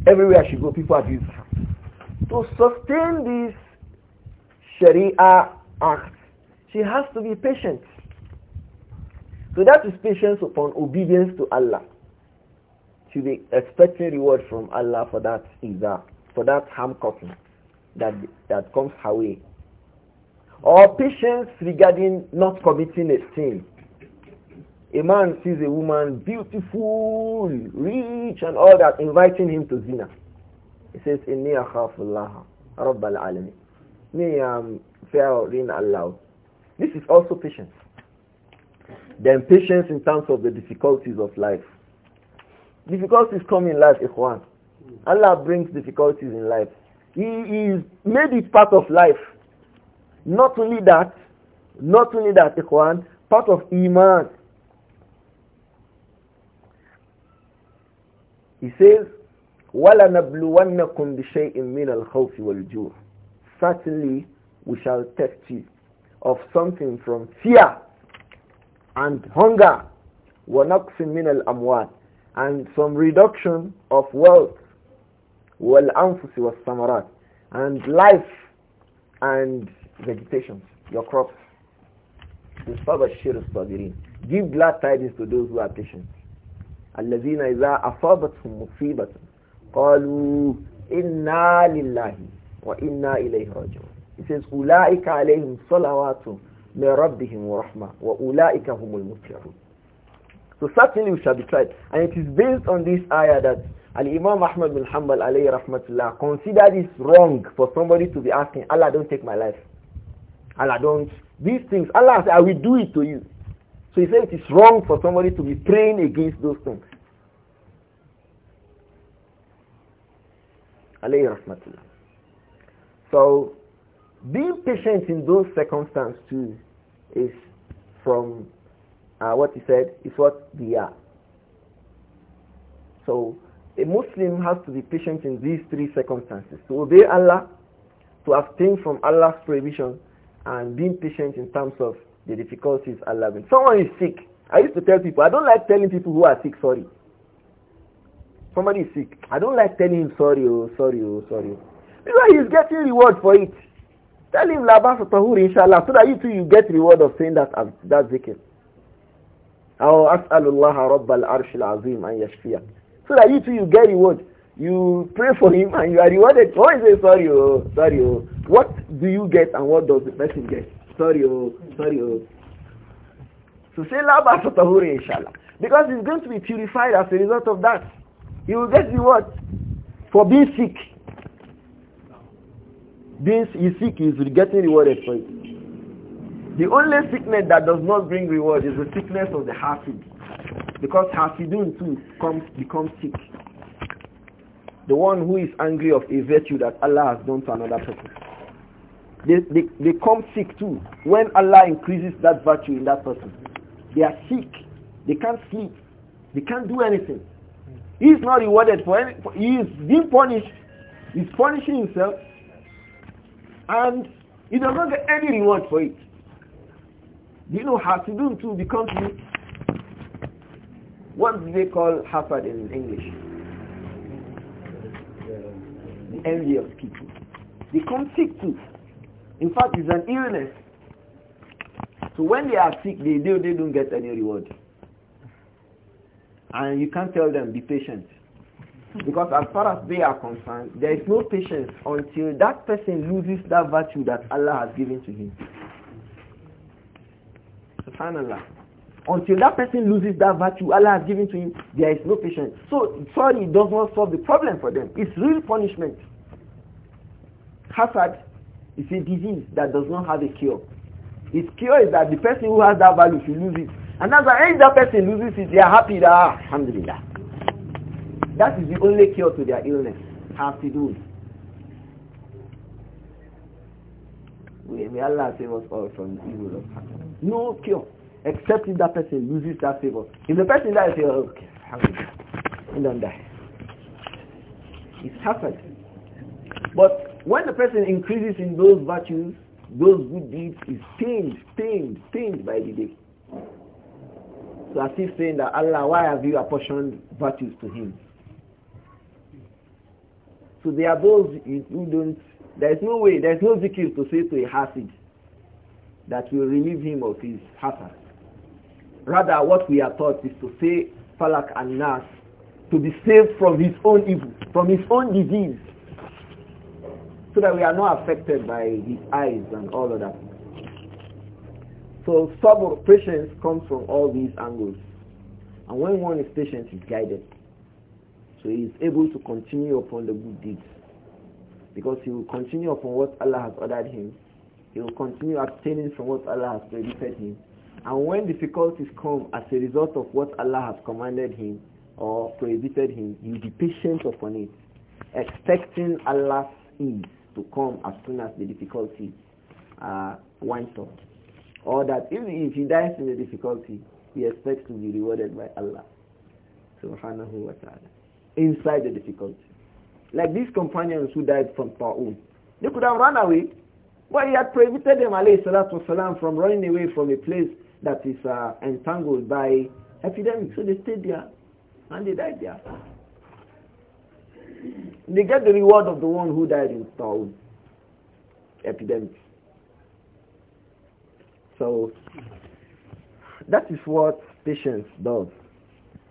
everywhere she goes, people abuse her. To sustain this Sharia act, she has to be patient. So that is patience upon obedience to Allah. she be expecting reward from Allah for that either, for that harm cutting that, that comes her way. Or patience regarding not committing a sin a man sees a woman beautiful, rich, and all that, inviting him to zina. He says, Inni akhafullah, Rabbal alamin. Me am um, fearing Allah. This is also patience. Then patience in terms of the difficulties of life. Difficulties come in life, ikhwan. Allah brings difficulties in life. He is made it part of life. Not only that, not only that, ikhwan, part of iman He says, وَلَنَبْلُوَنَّكُمْ بِشَيْءٍ مِّنَ الْخَوْفِ وَالْجُوعِ Certainly we shall test you of something from fear and hunger وَنَقْصٍ مِّنَ الْأَمْوَالِ and some reduction of wealth وَالْأَنفُسِ وَالثَّمَرَاتِ and life and vegetation, your crops. Give glad tidings to those who are patient. الذين إذا أصابتهم مصيبة قالوا إنا لله وإنا إليه راجعون It says أولئك عليهم صلوات من ربهم ورحمة وأولئك هم المفلحون So certainly we shall be tried. And it is based on this ayah that Al-Imam Ahmad bin Hanbal alayhi rahmatullah consider this wrong for somebody to be asking, Allah don't take my life. Allah don't. These things, Allah said, I will do it to you. So he said it is wrong for somebody to be praying against those things. So being patient in those circumstances too is from uh, what he said is what we are. So a Muslim has to be patient in these three circumstances. To obey Allah, to abstain from Allah's prohibition, and being patient in terms of the difficulties Allah brings. Someone is sick. I used to tell people, I don't like telling people who are sick sorry. Somebody is sick. I don't like telling him sorry, oh, sorry, oh, sorry. Oh. Because he's getting reward for it. Tell him labas tahur inshallah so that you too you get reward of saying that um, that zikr. أو أسأل الله رب العرش العظيم أن يشفيك so that you too you get reward you pray for him and you are rewarded. Why is it sorry, oh, sorry, oh. What do you get and what does the person get? sorry oh, sorry oh. So say laba satahuri inshallah. Because he's going to be purified as a result of that. He will get the what? For being sick. Being is sick is getting rewarded for it. The only sickness that does not bring reward is the sickness of the hafid, Because hasidun too comes, becomes sick. The one who is angry of a virtue that Allah has done to another person. They, they, they come sick too. When Allah increases that virtue in that person, they are sick. They can't sleep. They can't do anything. He is not rewarded for any. For, he is being punished. He's punishing himself, and he does not get any reward for it. You know, how to do to the country? What do they call Harvard in English? The envy of people. They come sick too. In fact, it's an illness. So when they are sick, they, they don't get any reward. And you can't tell them, be patient. Because as far as they are concerned, there is no patience until that person loses that virtue that Allah has given to him. SubhanAllah. Until that person loses that virtue Allah has given to him, there is no patience. So sorry does not solve the problem for them. It's real punishment. Hazard it's a disease that does not have a cure. Its cure is that the person who has that value should lose it. And as why if that person loses it, they are happy that, handling ah, alhamdulillah. That is the only cure to their illness. Have to do it. May Allah save us all from the evil of happiness. No cure. Except if that person loses that favor. If the person dies, say oh, okay, alhamdulillah. He don't die. It's happened. But when the person increases in those virtues, those good deeds is stained, stained, stained by the day. So as if saying that Allah, why have you apportioned virtues to him? So there are those who don't, there is no way, there is no zikr to say to a hasid that will relieve him of his hazard. Rather, what we are taught is to say falak and nas to be saved from his own evil, from his own disease so that we are not affected by the eyes and all of that. So sabr, patience comes from all these angles. And when one is patient, he's guided. So he is able to continue upon the good deeds. Because he will continue upon what Allah has ordered him. He will continue abstaining from what Allah has prohibited him. And when difficulties come as a result of what Allah has commanded him or prohibited him, he will be patient upon it, expecting Allah's ease to come as soon as the difficulty uh, winds up. Or that if if he dies in the difficulty, he expects to be rewarded by Allah subhanahu wa ta'ala inside the difficulty. Like these companions who died from Ta'un. They could have run away, but he had prohibited them alayhi salatu wasalam, from running away from a place that is uh, entangled by epidemic. So they stayed there and they died there. They get the reward of the one who died in town Epidemic. So that is what patience does.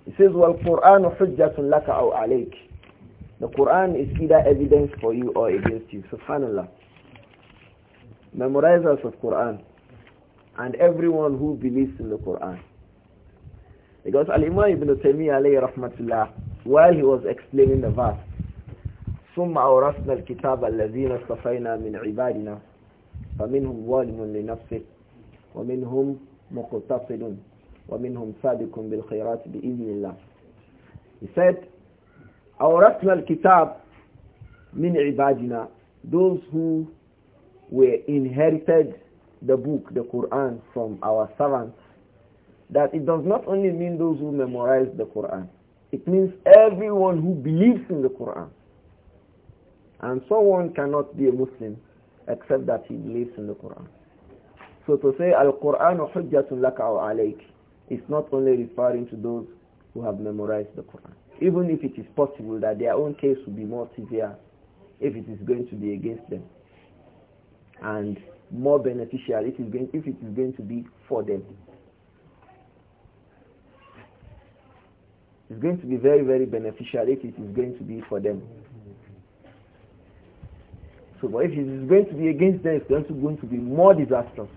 It says, Well Quran Hujjatun laka aw The Quran is either evidence for you or against you. Subhanallah. Memorizers of Quran and everyone who believes in the Quran. Because Al-Imam ibn Taymiyyah alayhi rahmatullah, while he was explaining the verse, ثم أورثنا الكتاب الذين اصطفينا من عبادنا فمنهم ظالم لنفسه ومنهم مقتصد ومنهم صادق بالخيرات بإذن الله He said أورثنا الكتاب من عبادنا those who were inherited the book, the Quran from our servants that it does not only mean those who memorize the Quran. It means everyone who believes in the Quran. And someone cannot be a Muslim except that he believes in the Quran. So to say Al-Quran hujjatun laka aw alayk is not only referring to those who have memorized the Quran. Even if it is possible that their own case will be more severe if it is going to be against them. And more beneficial it is going, if it is going to be for them. It's going to be very, very beneficial if it is going to be for them but if it is going to be against them, it's going to, going to be more disastrous.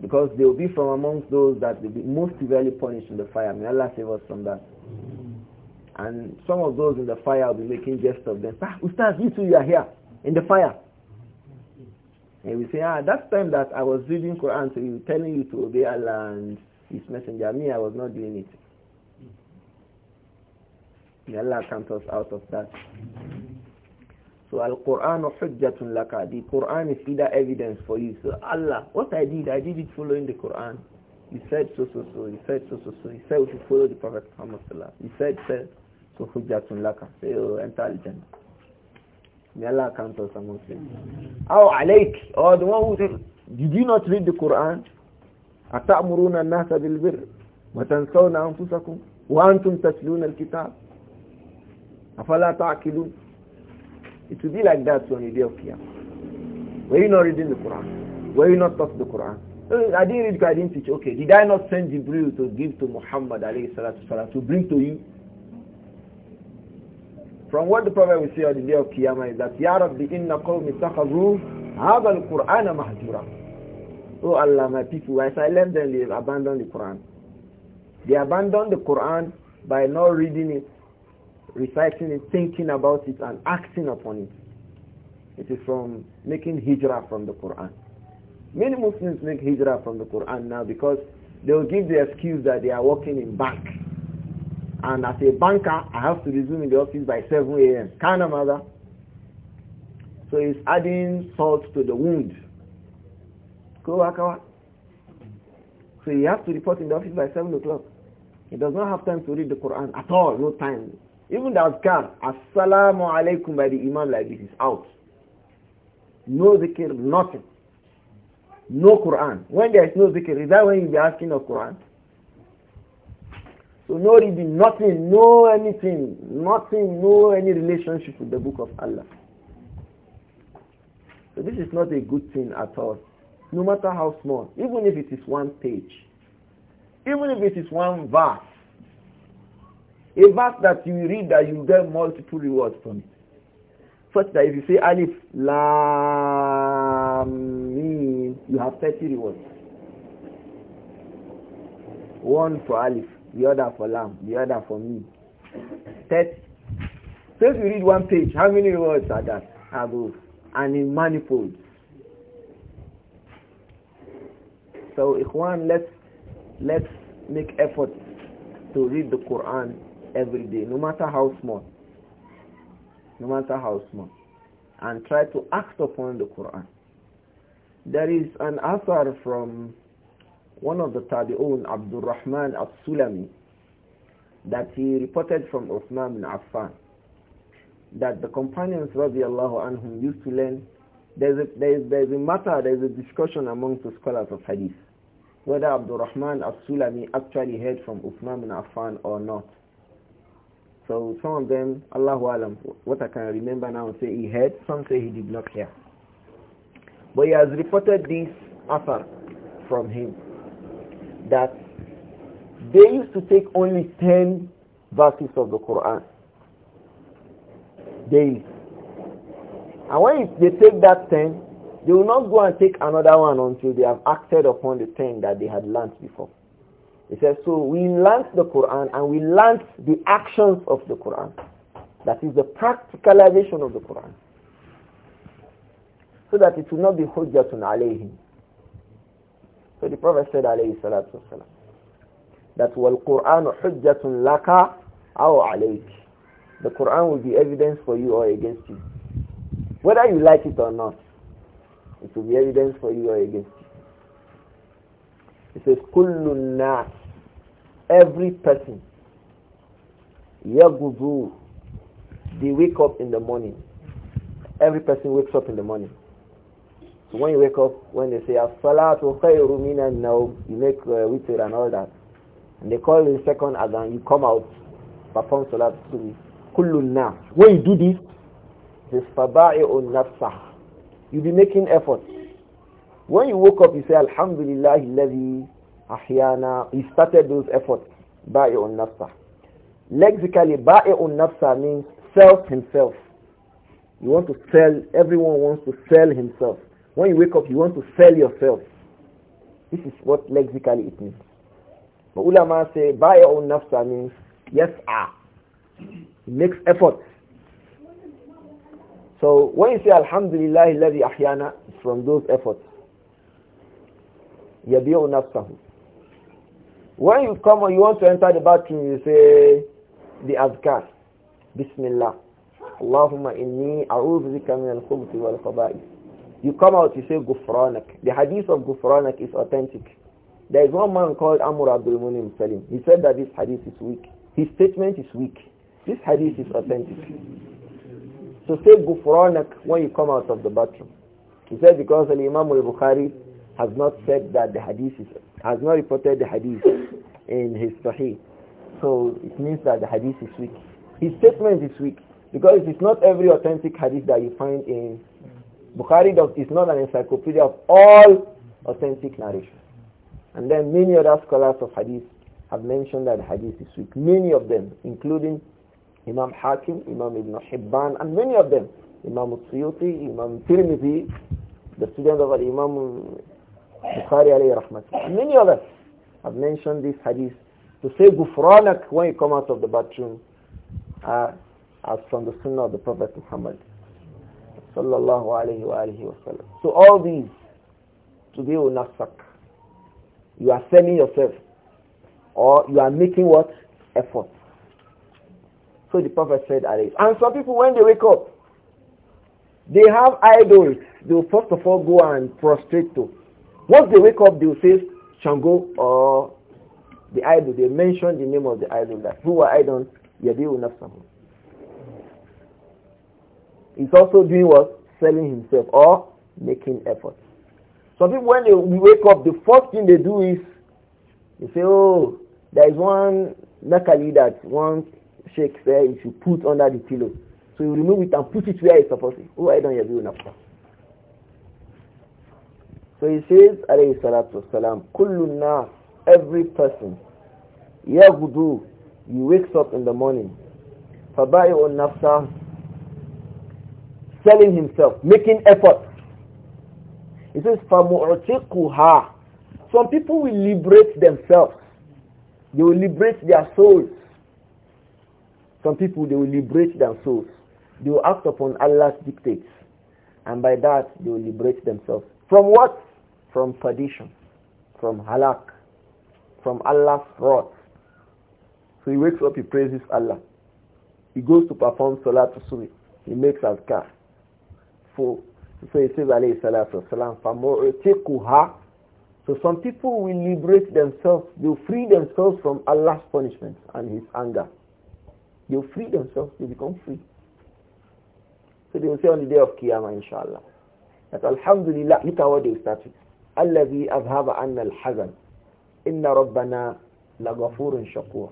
Because they will be from amongst those that will be most severely punished in the fire. May Allah save us from that. And some of those in the fire will be making jest of them. Ah, Ustaz, you two, you are here in the fire. And we say, ah, that time that I was reading Quran to you, telling you to obey Allah and His Messenger, me, I was not doing it. May Allah count us out of that. So Al-Quran hujjatun laka. The Quran is either evidence for you. So Allah, what I did, I did it following the Quran. He said so, so, so. He said so, so, so. He said we should follow the Prophet Muhammad sallallahu You said, said. So hujjatun laka. So oh, you enter al-Jannah. May Allah count us among them. Oh, alayk. Oh, the one who said, did you not read the Quran? أتأمرون الناس بالبر وتنسون أنفسكم وأنتم تتلون الكتاب أفلا تعكلون it will be like that on the day of Qiyamah. Were you not reading the Quran? Were you not taught the Quran? I didn't read, I didn't teach. Okay, did I not send Jibril to give to Muhammad salam, to bring to you? From what the Prophet will say on the day of Qiyamah is that, Ya Rabbi, inna qawmi takhazru hadha al-Qur'ana mahjura. Oh Allah, my people, as I let them they abandon the Quran. They abandon the Quran by not reading it reciting it, thinking about it, and acting upon it. It is from making hijrah from the Quran. Many Muslims make hijrah from the Quran now because they will give the excuse that they are working in bank. And as a banker, I have to resume in the office by 7 a.m. Kind of mother. So it's adding salt to the wound. So you have to report in the office by 7 o'clock. He does not have time to read the Quran at all, no time. Even the Azkar, Assalamu alaikum by the Imam like this is out. No zikr, nothing. No Quran. When there is no zikr, is that when you be asking of Quran? So no reading, nothing, no anything, nothing, no any relationship with the book of Allah. So this is not a good thing at all. No matter how small, even if it is one page, even if it is one verse, a verse that you read that you get multiple rewards from it. First, that if you say Alif, Lam, Mim, you have 30 rewards. One for Alif, the other for Lam, the other for Mim. 30. So if you read one page, how many rewards are that? Above. And in manifold. So Ikhwan, let's, let's make effort to read the Quran every day, no matter how small. No matter how small. And try to act upon the Quran. There is an asar from one of the Tabi'un, Abdul Rahman al-Sulami, that he reported from Uthman bin Affan, that the companions, radiallahu anhum, used to learn there's a, there's, there's a matter, there's a discussion among the scholars of hadith whether Abdul Rahman al-Sulami actually heard from Uthman bin Affan or not. So some of them, Allahu Alam, what I can remember now say he heard, some say he did not hear. But he has reported this offer from him that they used to take only 10 verses of the Quran. daily, And when they take that 10, they will not go and take another one until they have acted upon the 10 that they had learnt before. He says, so we learned the Quran and we learned the actions of the Quran. That is the practicalization of the Quran. So that it will not be hujjatun alayhim. So the Prophet said alayhi salatu wasalam that wal Quran hujjatun laka aw alayk. The Quran will be evidence for you or against you. Whether you like it or not, it will be evidence for you or against it says, Kullu nas, every person, yaguzu. they wake up in the morning. Every person wakes up in the morning. So when you wake up, when they say, As-salatu khayru minan you make uh, witr and all that. And they call the second adhan, you come out, perform salat sunnah. Kullu nas. When you do this, this says, Faba'i'un nafsah. You'll be making effort. When you woke up, you say, Alhamdulillah, الذي أحيانا. He started those efforts. own النفس. Lexically, own النفس means self himself. You want to sell, everyone wants to sell himself. When you wake up, you want to sell yourself. This is what lexically it means. But ulama say, own النفس means, yes, ah. He makes efforts. So when you say Alhamdulillah, الذي أحيانا, it's from those efforts yabi'u nafsahu. When you come or you want to enter the bathroom, you say the azkar. Bismillah. Allahumma inni a'udhu bika min al wal khaba'ith. You come out, you say Gufranak. The hadith of Gufranak is authentic. There is one man called Amr Abdul Munim Salim. He said that this hadith is weak. His statement is weak. This hadith is authentic. So say Gufranak when you come out of the bathroom. He said because Imam al-Bukhari has not said that the hadith is, has not reported the hadith in his Sahih. So it means that the hadith is weak. His statement is weak because it's not every authentic hadith that you find in Bukhari does, is not an encyclopedia of all authentic narration. And then many other scholars of hadith have mentioned that hadith is weak. Many of them, including Imam Hakim, Imam Ibn Hibban, and many of them, Imam Suyuti, Imam Tirmidhi, the student of Imam Bukhari alayhi rahmatullah. many others have mentioned this hadith to say gufranak when you come out of the bathroom uh, as from the sunnah of the Prophet Muhammad sallallahu alayhi wa alayhi wa sallam. So all these today will not suck. You are selling yourself or you are making what? Effort. So the Prophet said, Alayhi. And some people, when they wake up, they have idols. They will first of all go and prostrate to. Once they wake up, they will say Shango or the idol. They mention the name of the idol. That who are idols? Yadiu Nafsahu. He's also doing what? Selling himself or making efforts. Some people, when they wake up, the first thing they do is they say, oh, there is one nakali that one sheikh said you should put under the pillow. So you remove it and put it where it's supposed to. Oh, I don't have you enough. So he says, alayhi salatu wasalam, kullu nas, every person, yaghdu, he wakes up in the morning, faba'i'un nafsah, selling himself, making effort. He says, famu'tiquha. Some people will liberate themselves. They will liberate their souls. Some people, they will liberate their souls. They will act upon Allah's dictates. And by that, they will liberate themselves. From what? from perdition, from halak, from Allah's wrath. So he wakes up, he praises Allah. He goes to perform to Sunnah. He makes azkar. For, so he says, alayhi salatu wasalam, So some people will liberate themselves. They'll free themselves from Allah's punishment and his anger. They'll free themselves. They become free. So they will say on the day of Qiyamah, inshallah, that Alhamdulillah, look at what they will start الذي أذهب عنا الحزن إن ربنا لغفور شكور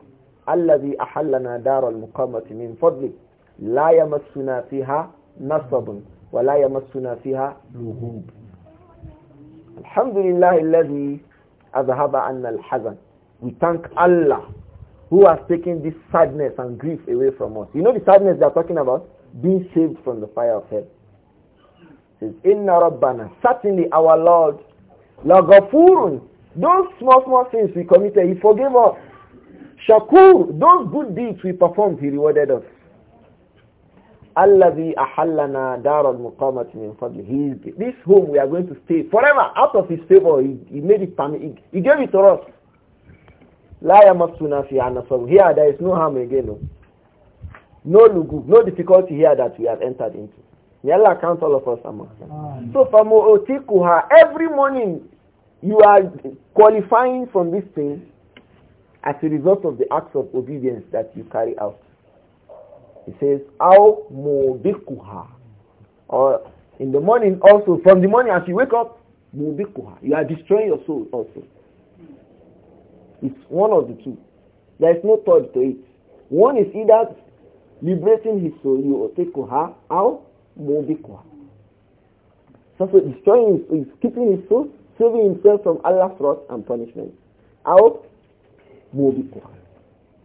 الذي أحلنا دار المقامة من فضله لا يمسنا فيها نصب ولا يمسنا فيها لغوب الحمد لله الذي أذهب عنا الحزن We thank Allah who has taken this sadness and grief away from us. You know the sadness they are talking about? Being saved from the fire of hell. It says, Inna Rabbana, certainly our Lord Lagafurun, those small, small sins we committed, he forgave us. Shakur, those good deeds we performed, he rewarded us. Allavi ahallana dar al-muqamat min fadlihi. This home we are going to stay forever out of his favor. He, he made it permanent. He, he, gave it to us. La yamassuna fi anasabu. Here there is no harm again. No, no lugu, no difficulty here that we have entered into. May Allah count all of us among them. So famu'otikuha every morning you are qualifying from this thing as a result of the acts of obedience that you carry out. It says, Aw mubikuha. Or in the morning also, from the morning as you wake up, mubikuha. You are destroying your soul also. It's one of the two. There is no third to it. One is either liberating his soul, you otekuha, aw mubikuha. So, so destroying his, keeping his soul, saving himself from Allah's wrath and punishment. Out, mubiqah,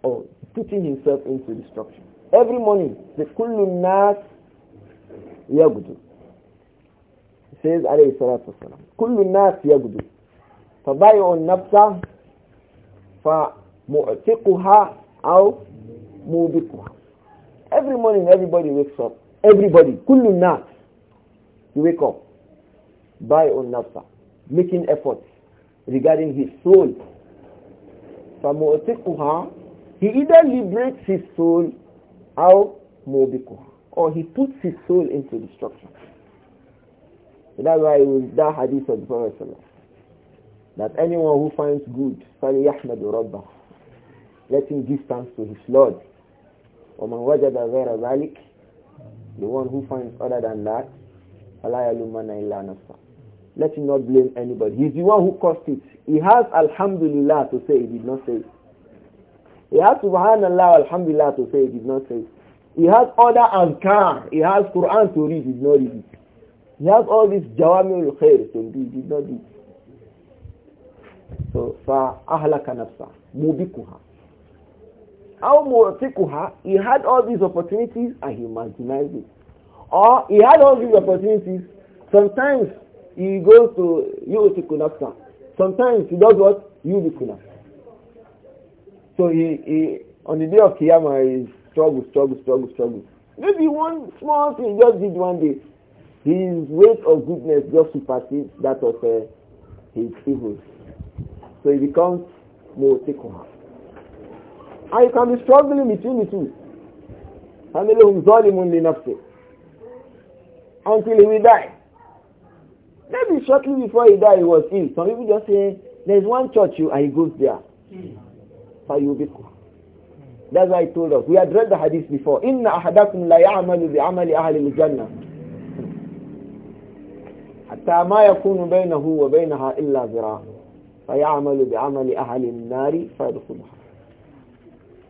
or putting himself into destruction. Every morning, the kullu nas yagudu. Says alayhi salatu wasalam, kullu nas yagudu. nafsa, fa فمعتقها أو موبقها Every morning everybody wakes up. Everybody. kullu nas, You wake up. بايع nafsa making efforts regarding his soul. فَمُؤْتِقُهَا He either liberates his soul أو مُوبِقُهَا Or he puts his soul into destruction. that's why was that hadith of the Prophet that anyone who finds good, فَلْيَحْمَدُ رَبَّهُ Let him give thanks to his Lord. وَمَنْ وَجَدَ غَيْرَ ذَلِكَ The one who finds other than that, فَلَا يَلُمَّنَ إِلَّا نَفْسَهُ let him not blame anybody. He's the one who caused it. He has Alhamdulillah to say he did not say it. He has Subhanallah Alhamdulillah to say he did not say it. He has other azkar. He has Quran to read, he did not read it. He has all these jawami khair to he did not do. So, فَأَهْلَكَ نَفْسَهُ مُبِكُهَا أو مُعْتِكُهَا He had all these opportunities and he marginalized it. Or he had all these opportunities. Sometimes he goes to Yu'tiku Nafsa. Sometimes he does what? Yu'tiku Nafsa. So he, he, on the day of Kiyama, he struggles, struggles, struggles, struggles. Maybe one small thing just did one day. His weight of goodness just surpasses that of uh, his evil. So he becomes Mu'tikuha. And you can be struggling between the two. Until he will die. Maybe shortly before he died, he was ill. Some people just say, there's one church you, and he goes there. Fayubiku. That's why I told us. We had read the hadith before. Inna ahadakum la ya'malu bi amali ahli al-jannah. ma yakunu حتى ما يكون بينه وبينها إلا ذراع فيعمل بعمل أهل النار فيدخلها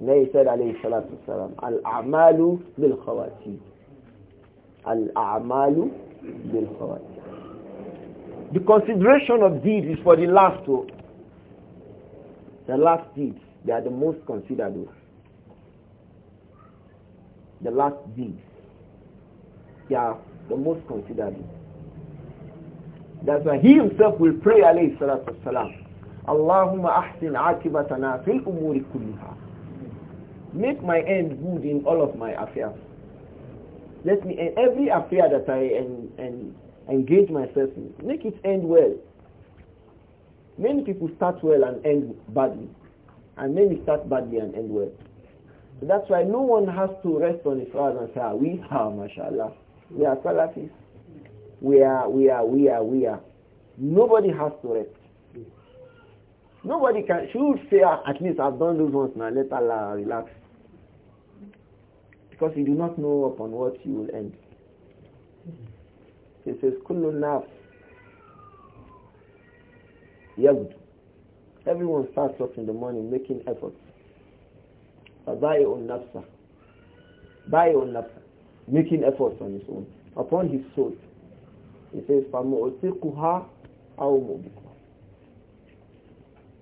Nabi said alayhi salatu wasalam, Al-a'malu bil khawati. Al-a'malu bil khawati. The consideration of deed is for the last two. The last deeds, they are the most considered. The last deeds, they are the most considered. That's why he himself will pray alayhi salatu wasalam. Allahumma ahsin akibatana fil umuri kulliha. Make my end good in all of my affairs. Let me end every affair that I and, and engage myself in Make it end well. Many people start well and end badly. And many start badly and end well. that's why no one has to rest on his father and say, ah, we have, mashallah. We are Salafis. We are, we are, we are, we are. Nobody has to rest. Nobody can, should say, ah, at least I've done those ones now, let Allah relax. Because you do not know upon what you will end. He says, Kullu nafs yagdu. Everyone starts off in the morning making efforts. Fabayi'un nafsa. Bayi'un nafsa. Making efforts on his own. Upon his soul. He says, فَمُعْتِقُهَا أَوْ مُبِقُهَا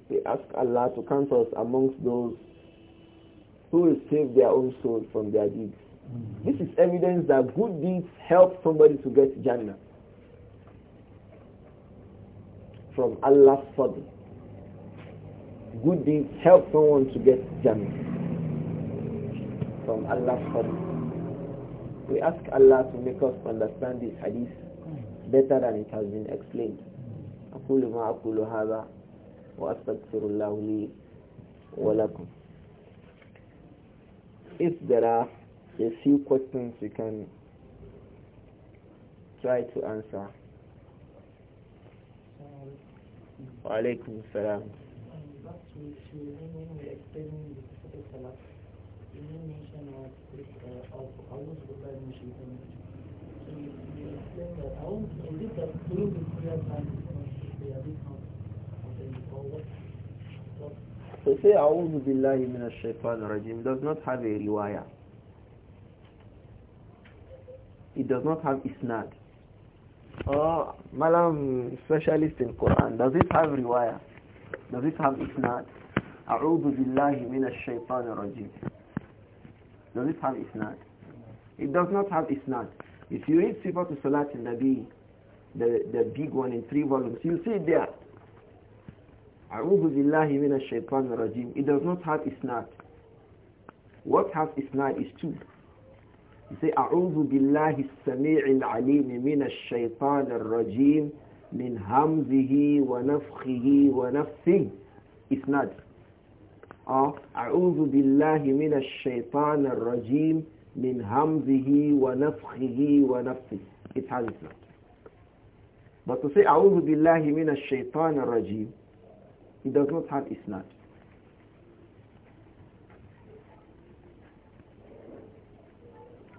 we ask Allah to count us amongst those who will save their own soul from their deeds. This is evidence that good deeds help somebody to get Jannah from Allah's fadl. Good deeds help someone to get Jannah from Allah's fadl. We ask Allah to make us understand this hadith better than it has been explained. أقول ما أقول هذا وأستغفر الله لي ولكم. If there are a few questions you can try to answer. Wa salam. So say أعوذ بالله من الشيطان الرجيم does not have a riwayah it does not have isnad. Oh, Malam specialist in Quran, does it have riwayah? Does it have isnad? A'udhu billahi minash shaitanir rajim. Does it have isnad? It does not have isnad. If you read Sifat Salat in nabi the, the big one in three volumes, you'll see it there. A'udhu billahi minash shaitanir rajim. It does not have isnad. What has isnad is two. You say, أعوذ بالله السميع العليم من الشيطان الرجيم من همزه ونفخه ونفسه إسناد أعوذ بالله من الشيطان الرجيم من همزه ونفخه ونفسه It has إسناد But to say أعوذ بالله من الشيطان الرجيم It does not have إسناد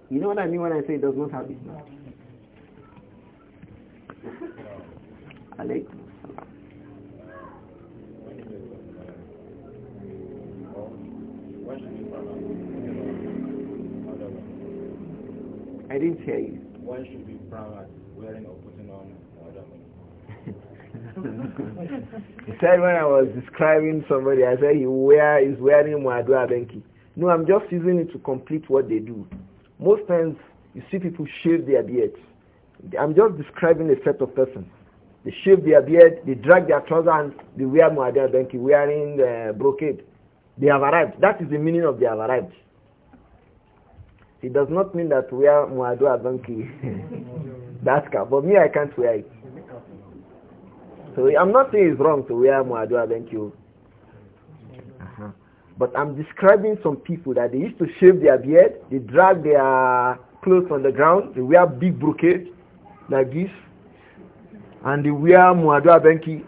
You know what I mean when I say it does not have Islam? [laughs] Alaykum. I didn't hear you. One should be proud at wearing or putting on he said when I was describing somebody, I said he wear is wearing Muadua Benki. No, I'm just using it to complete what they do. Most times you see people shave their beards. I'm just describing a set of persons. They shave their beard, they drag their trousers, and they wear muadar donkey, wearing uh, brocade. They have arrived. That is the meaning of they have arrived. It does not mean that we are muadar donkey. [laughs] That's car. But me, I can't wear it. So I'm not saying it's wrong to wear muadar donkey. But I'm describing some people that they used to shave their beard, they drag their clothes on the ground, they wear big brocade, like this, and they wear muadwa benki.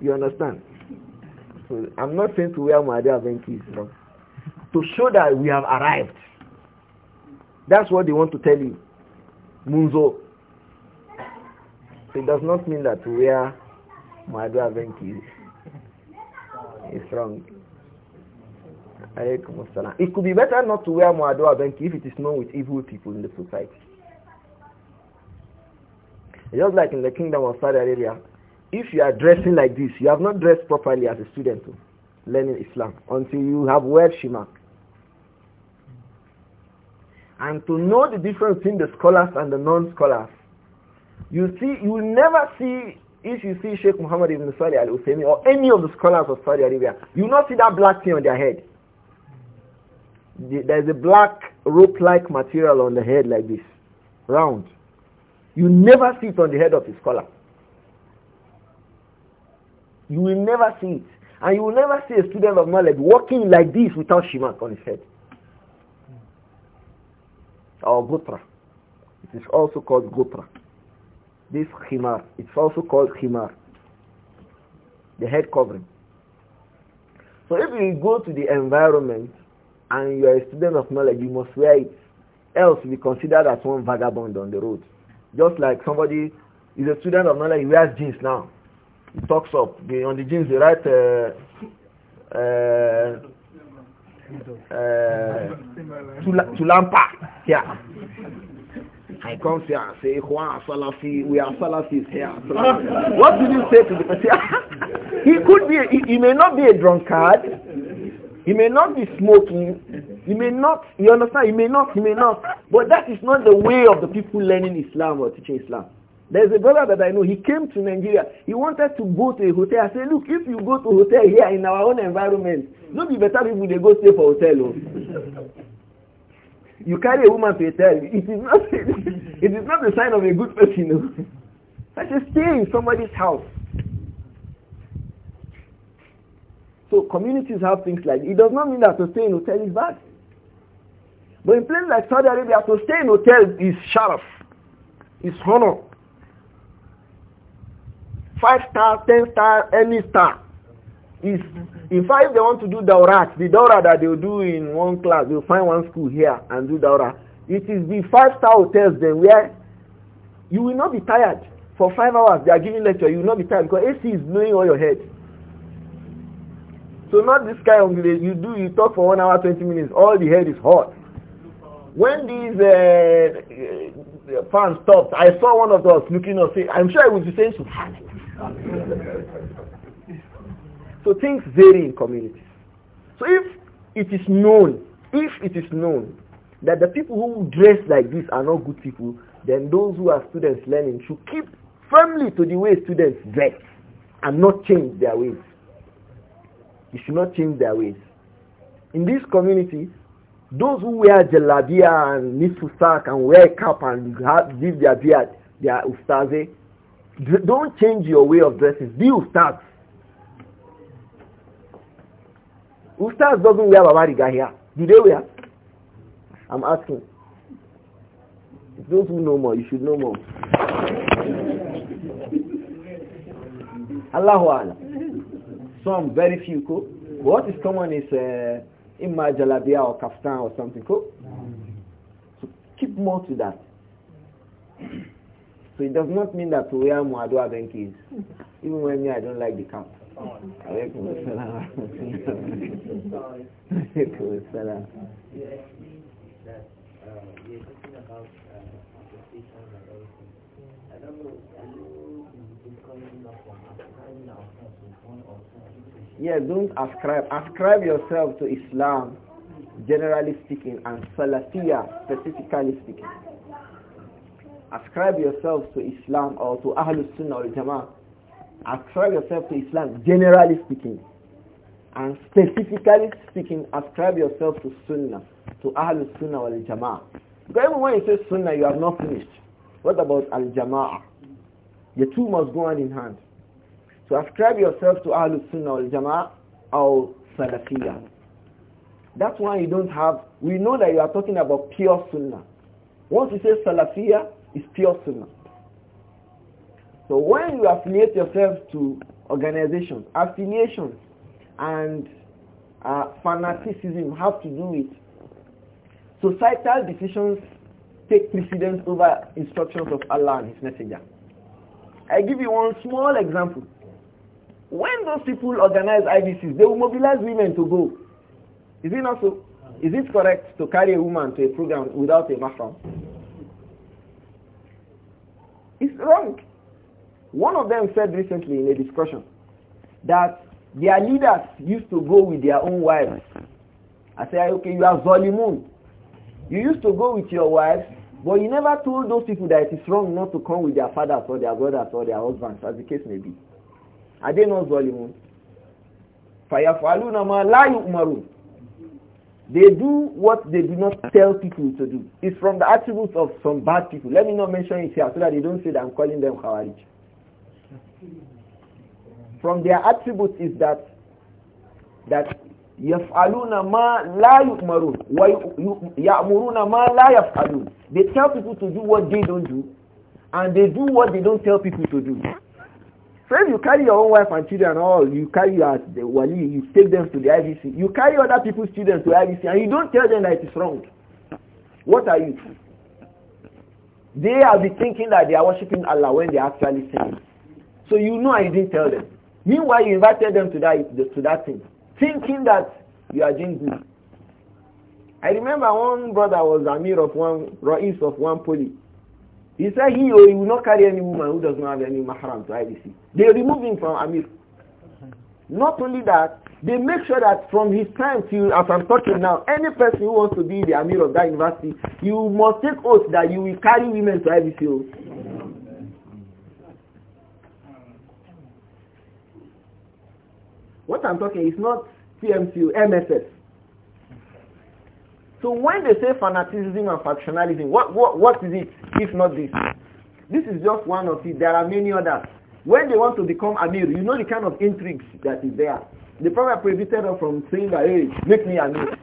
You understand? So I'm not saying to wear muadwa benki is wrong. To show that we have arrived. That's what they want to tell you. Munzo. it does not mean that we are Muadwa benki It's wrong. It could be better not to wear muadwa Benki if it is known with evil people in the society. Just like in the kingdom of Saudi Arabia, if you are dressing like this, you have not dressed properly as a student oh, learning Islam until you have wear shimak. And to know the difference between the scholars and the non-scholars, you see, you will never see if you see Sheikh Muhammad ibn Salih al-Uthaymeen or any of the scholars of Saudi Arabia, you will not see that black thing on their head there's a black rope-like material on the head like this, round. You never see it on the head of a scholar. You will never see it. And you will never see a student of knowledge walking like this without shimak on his head. Or gotra. It is also called gotra. This khimar. It's also called khimar. The head covering. So if we go to the environment and you are a student of knowledge, you must wear it. Else you be considered as one vagabond on the road. Just like somebody is a student of knowledge, he wears jeans now. He talks up. The, on the jeans they write uh, uh, uh, Tulampa here. I come here and say, Juan Salafi, we are Salafis here. Salafi. What did you say to the person? [laughs] he could be, a, he, he, may not be a drunkard, he may not be smoking. He may not, you understand? He may not, he may not. But that is not the way of the people learning Islam or teaching Islam. There's a brother that I know, he came to Nigeria. He wanted to go to a hotel. I said, look, if you go to a hotel here in our own environment, no be better people they go stay for hotel. Oh. you carry a woman to a hotel, it is not, [laughs] it is not the sign of a good person. No. I said, stay in somebody's house. So communities have things like it does not mean that to stay in hotel is bad. But in places like Saudi Arabia, to stay in hotel is sharaf, is honor. Five star, ten star, any star. Is in fact if they want to do daurat, the daurat that they'll do in one class, they'll find one school here and do daurat. It is the five star hotels then where you will not be tired. For five hours they are giving lecture, you will not be tired because AC is blowing all your head. So not this kind of you do, you talk for one hour, 20 minutes, all the head is hot. When these uh, uh, fans stopped, I saw one of us looking up, say, I'm sure I would be saying subhanallah. [laughs] so things vary in communities. So if it is known, if it is known that the people who dress like this are not good people, then those who are students learning should keep firmly to the way students dress and not change their ways. You should not change their ways. In this community, those who wear jalabia and nifusak and wear cap and have, give their beard, their are ustaze. Don't change your way of dressing. Be ustaz. Ustaz doesn't wear babariga here. Do they wear? I'm asking. Those who know more, you should know more. [laughs] Allahu Allah. Some, very few cool. What is common is uh, jalabia or kaftan or something cool. So keep more to that. So it does not mean that we are muadwa benki Even when me, I don't like the cap. Alaikum salam. Yes, don't ascribe. Ascribe yourself to Islam, generally speaking, and Salafiyah, specifically speaking. Ascribe yourself to Islam or to Ahlul Sunnah or Jama'ah. Ascribe yourself to Islam, generally speaking. And specifically speaking, ascribe yourself to Sunnah, to Ahlul Sunnah or Jama'ah. Because even when you say Sunnah, you have not finished. What about Al-Jama'ah? The two must go hand in hand. So ascribe yourself to Ahlul Sunnah al Jama'ah or Salafiyah. That's why you don't have, we know that you are talking about pure Sunnah. Once you say Salafiyah, it's pure Sunnah. So when you affiliate yourself to organizations, affiliation, and uh, fanaticism have to do with societal decisions take precedence over instructions of Allah and His Messenger. I give you one small example. When those people organize IBCs, they will mobilize women to go. Is it not so? Is it correct to carry a woman to a program without a mahram? It's wrong. One of them said recently in a discussion that their leaders used to go with their own wives. I said, okay, you are Zolimun. You used to go with your wives, but you never told those people that it is wrong not to come with their fathers or their brothers or their husbands, as the case may be they They do what they do not tell people to do. It's from the attributes of some bad people. Let me not mention it here so that they don't say that I'm calling them Khawarij. From their attributes is that that yaf'aluna ma la yu'marun wa ya'muruna ma layafalun? they tell people to do what they don't do and they do what they don't tell people to do so if you carry your own wife and children and all, you carry your the wali, you take them to the IVC, you carry other people's children to IVC and you don't tell them that it is wrong. What are you? They are be thinking that they are worshipping Allah when they are actually sinning. So you know I didn't tell them. Meanwhile, you invited them to that, to that thing, thinking that you are doing good. I remember one brother was Amir of one, Ra'is of one police. He said he, he will not carry any woman who does not have any mahram to IDC. They remove him from Amir. Not only that, they make sure that from his time till as I'm talking now, any person who wants to be the Amir of that university, you must take oath that you will carry women to IBC. What I'm talking is not PMCU, MSS. So when they say fanaticism and factionalism, what, what, what is it? if not this. This is just one of it. There are many others. When they want to become Amir, you know the kind of intrigues that is there. The Prophet prohibited them from saying that, hey, make me Amir.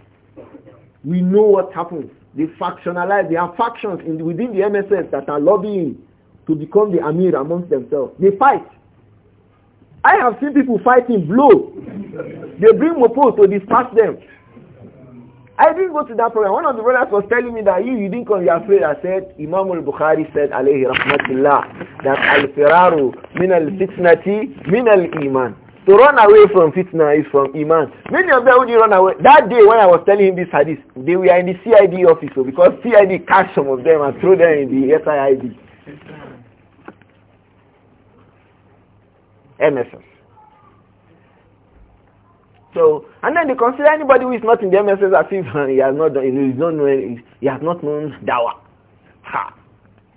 We know what happens. They factionalize. There are factions in, within the MSS that are lobbying to become the Amir amongst themselves. They fight. I have seen people fighting blow. They bring Mopo to dispatch them. I didn't go to that program. One of the brothers was telling me that you, you didn't come, you're afraid. I said, Imam al-Bukhari said, alayhi rahmatullah, that al-firaru min al-fitnati min al-iman. To run away from fitna is from iman. Many of them only run away. That day when I was telling him this hadith, they were in the CID office oh, because CID catch some of them and throw them in the SIID. MSS. So, and then they consider anybody who is not in the MSS as if [laughs] he has not done, he, not known, he has not known Dawa. Ha!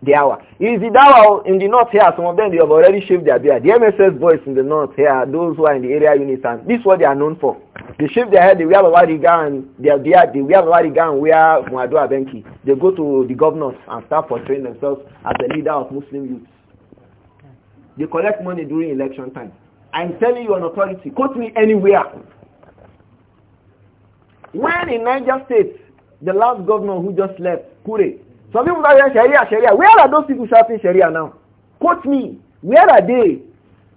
The hour. Is the Dawa in the north here? Some of them, they have already shaved their beard. The MSS boys in the north here, those who are in the area units, and this is what they are known for. They shave their head, they wear Bawariga and their beard, they wear Bawariga and wear Muadu Abenki. They go to the governors and start portraying themselves as the leader of Muslim youths. They collect money during election time. I'm telling you an authority, quote me anywhere. When in Niger State, the last governor who just left, Kure, some people are Sharia, Sharia. Where are those people shouting Sharia now? Quote me. Where are they?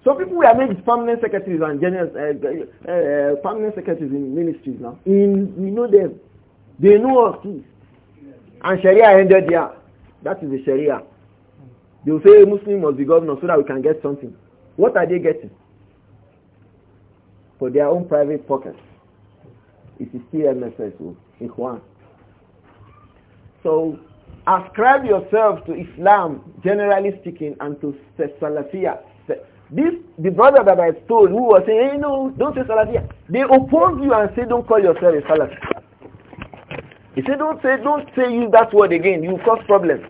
So people were made permanent secretaries and general uh, uh, uh, permanent secretaries in ministries now. In we know them. They know us too. And Sharia ended there. That is the Sharia. They will say Muslim must be governor so that we can get something. What are they getting? For their own private pockets. It is still MSS, oh, Ikhwan. So ascribe yourself to Islam, generally speaking, and to Salafiyah. This, the brother that I told who was saying, hey, no, don't say Salafiyah. They oppose you and say, don't call yourself a Salafi. He said, don't say, don't say use that word again. You cause problems.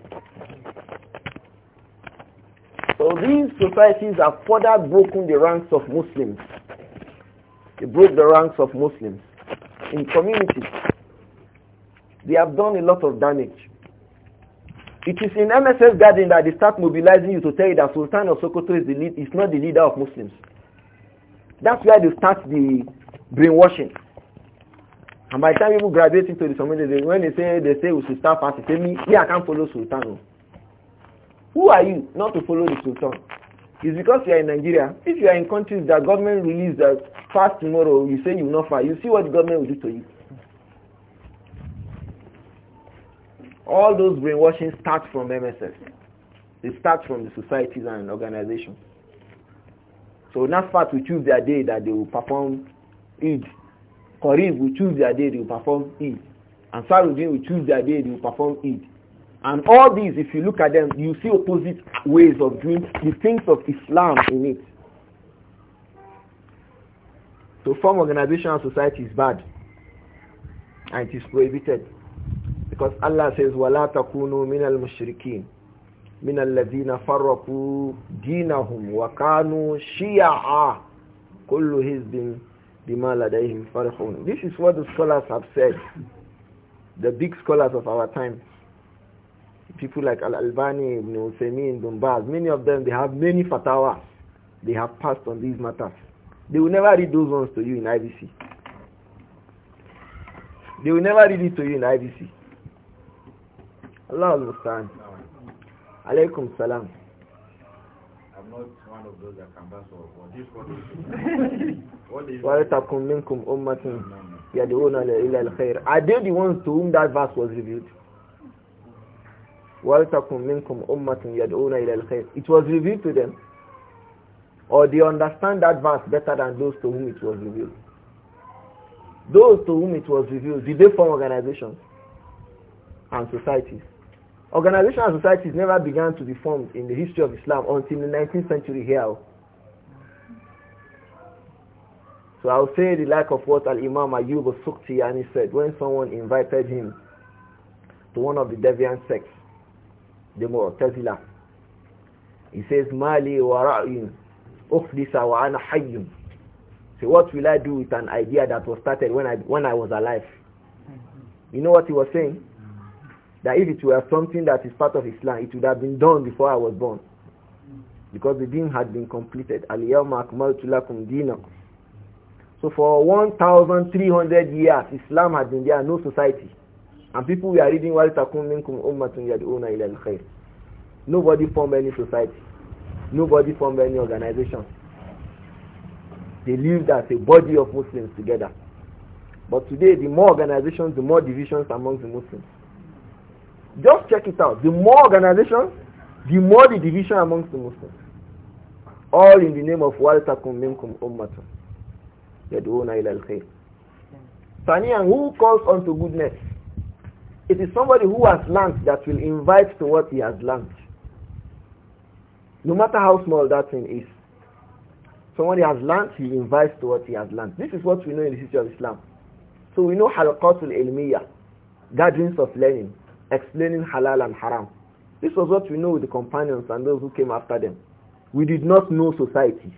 So these societies have further broken the ranks of Muslims. They broke the ranks of Muslims in communities. They have done a lot of damage. It is in MSF garden that they start mobilizing you to tell you that Sultan of Sokoto is, the lead, is not the leader of Muslims. That's where they start the brainwashing. And by the time people graduate into the community, when they say they say we should start fasting, say me, yeah, I can't follow Sultan. Who are you not to follow the Sultan? It's because you are in Nigeria. If you are in countries that government release that fast tomorrow, you say you will not fast. You see what the government will do to you. All those brainwashing start from MSS. They start from the societies and organizations. So NASFAT will choose their day that they will perform Eid. Kareem will choose their day they will perform Eid. And Ansarudin will choose their day they will perform Eid. And all these, if you look at them, you see opposite ways of doing the things of Islam in it. So form organization and society is bad. And it is prohibited. Because Allah says, وَلَا min al-mushrikin, min al فَرَّقُوا دِينَهُمْ وَكَانُوا شِيَعًا كُلُّ حِزْبٍ بِمَا لَدَيْهِمْ فَرِحُونَ This is what the scholars have said. The big scholars of our time people like Al-Albani, Ibn Uthaymeen, Ibn Baz, many of them, they have many fatawa. They have passed on these matters. They will never read those ones to you in IBC. They will never read it to you in IBC. Allah understand. Alaykum salam. I'm not one of those that can pass for this one. وَلَتَكُمْ مِنْكُمْ أُمَّةٌ يَدْعُونَ إِلَى الْخَيْرِ Are they the ones to whom that verse was revealed? وَلْتَكُمْ مِنْكُمْ أُمَّةٌ يَدْعُونَ إِلَى الْخَيْرِ It was revealed to them. Or they understand that verse better than those to whom it was revealed. Those to whom it was revealed, did they form organizations and societies? Organizations and societies never began to be formed in the history of Islam until the 19th century here. So I'll say the like of what Al-Imam Ayyub al-Sukhtiyani said when someone invited him to one of the deviant sects the Mu'tazila. He says, Mali wa ra'yun, ufdisa wa ana hayyun. So what will I do with an idea that was started when I, when I was alive? Mm-hmm. You know what he was saying? Mm-hmm. That if it were something that is part of Islam, it would have been done before I was born. Mm-hmm. Because the deen had been completed. Al-yawma akmaltu lakum dinakum. So for 1,300 years, Islam had been there, no society. And people were reading وَلْتَكُمْ ummatun أُمَّةٌ يَدْعُونَ al الْخَيْرِ Nobody formed any society. Nobody formed any organization. They lived as a body of Muslims together. But today, the more organizations, the more divisions among the Muslims. Just check it out. The more organizations, the more the division amongst the Muslims. All in the name of وَلْتَكُمْ ummatun أُمَّةٌ يَدْعُونَ إِلَى الْخَيْرِ Tanian, who calls unto goodness? It is somebody who has learned that will invite to what he has learned. No matter how small that thing is. Somebody has learned, he invites to what he has learned. This is what we know in the history of Islam. So we know halaqatul ilmiya, gatherings of learning, explaining halal and haram. This was what we know with the companions and those who came after them. We did not know society.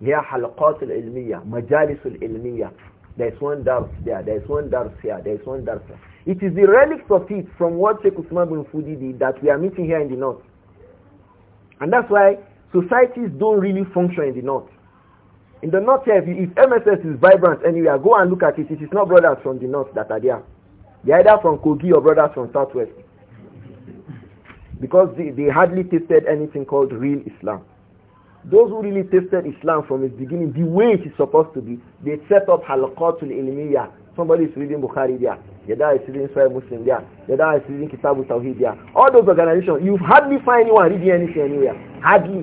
Here halaqatul ilmiya, majalisul ilmiya, there is one dark there, there is one dark here, there is one dark. there. It is the relics of it from what Sheikh Usman bin Fudi did that we are meeting here in the north. And that's why societies don't really function in the north. In the north here, if, if MSS is vibrant anywhere, go and look at it. It is not brothers from the north that are there. They're either from Kogi or brothers from southwest. Because they, they hardly tasted anything called real Islam. Those who really tasted Islam from its beginning, the way it is supposed to be, they set up halaqatul ilmiya. Somebody is reading Bukhari there. The other is reading Sahih Muslim there. The other is reading Kitabu Tawhid there. All those organizations, you hardly find anyone reading anything anywhere. Hardly.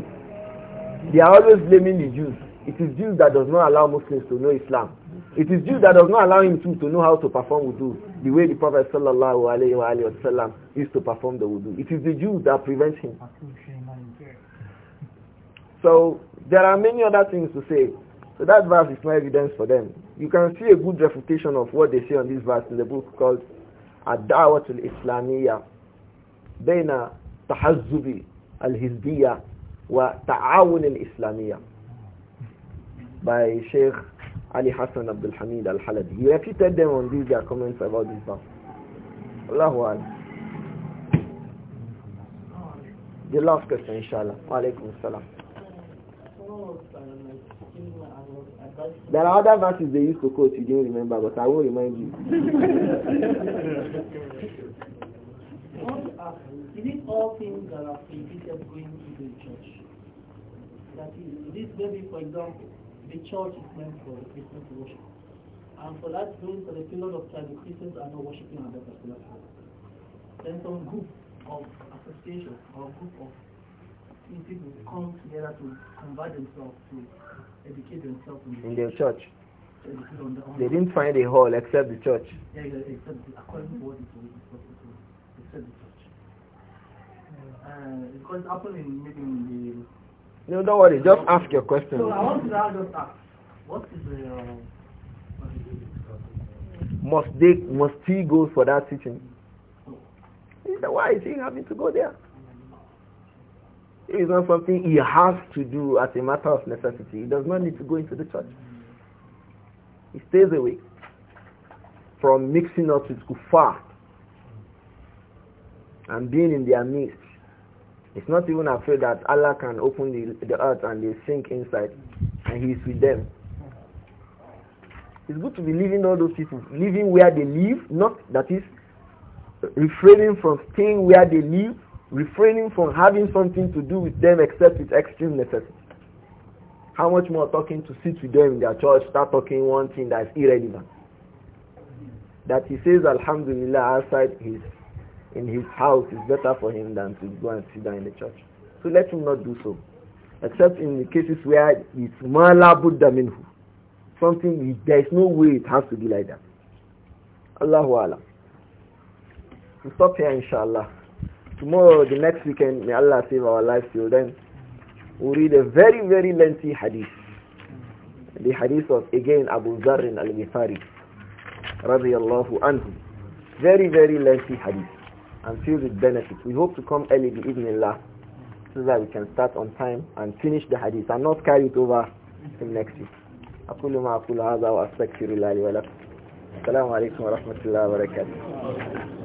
They are always blaming the Jews. It is Jews that does not allow Muslims to know Islam. It is Jews that does not allow him to, to know how to perform wudu the way the Prophet sallallahu alayhi wasallam alayhi wa sallam, used to perform the wudu. It is the Jews that prevents him. So there are many other things to say. So that verse is no evidence for them. You can see a good refutation of what they say on this verse in the book called الدعوة الإسلامية بين تحزب Ta'awun وتعاون الإسلامية by Sheikh Ali Hassan Abdul Hamid al haladi He repeated them on these their comments about this verse. Allahu Akbar. The last question, inshallah. Wa alaikum salam. There are other verses they used to quote you didn't remember, but I will remind you. is it all things that are prohibited going to the church? That is, this baby, for example, the church is meant for the Christian to worship. And for that reason, for the period of time, the Christians are not worshiping at that particular time. Then some group of association or group of people come together to convert themselves, to educate themselves in, the in their church. The they didn't find a hall except the church. Yeah, yeah, except the, according to what it was, except the church. Uh, because it happened in maybe in the. No, don't worry. Just ask your question. So I want to just ask, what is the? Uh, must they must he go for that teaching? Oh. Why is he having to go there? It is not something he has to do as a matter of necessity. He does not need to go into the church. He stays away from mixing up with kuffar and being in their midst. He's not even afraid that Allah can open the, the earth and they sink inside and he's with them. It's good to be leaving all those people, living where they live, not that is refraining from staying where they live refraining from having something to do with them except with extreme necessity. How much more talking to sit with them in their church, start talking one thing that is irrelevant. That he says Alhamdulillah outside his in his house is better for him than to go and sit down in the church. So let him not do so. Except in the cases where it's mala buddha minhu. Something there is no way it has to be like that. Allahu Allah. we stop here inshallah. Tomorrow, the next weekend, may Allah save our lives till then, we read a very, very lengthy hadith. The hadith of, again, Abu Zarrin al-Ghifari, radiallahu anhu. Very, very lengthy hadith and feel the benefits. We hope to come early the evening Allah, so that we can start on time and finish the hadith and not carry it over to next week. أقول ما أقول هذا وأستغفر الله لي ولكم السلام عليكم ورحمة الله وبركاته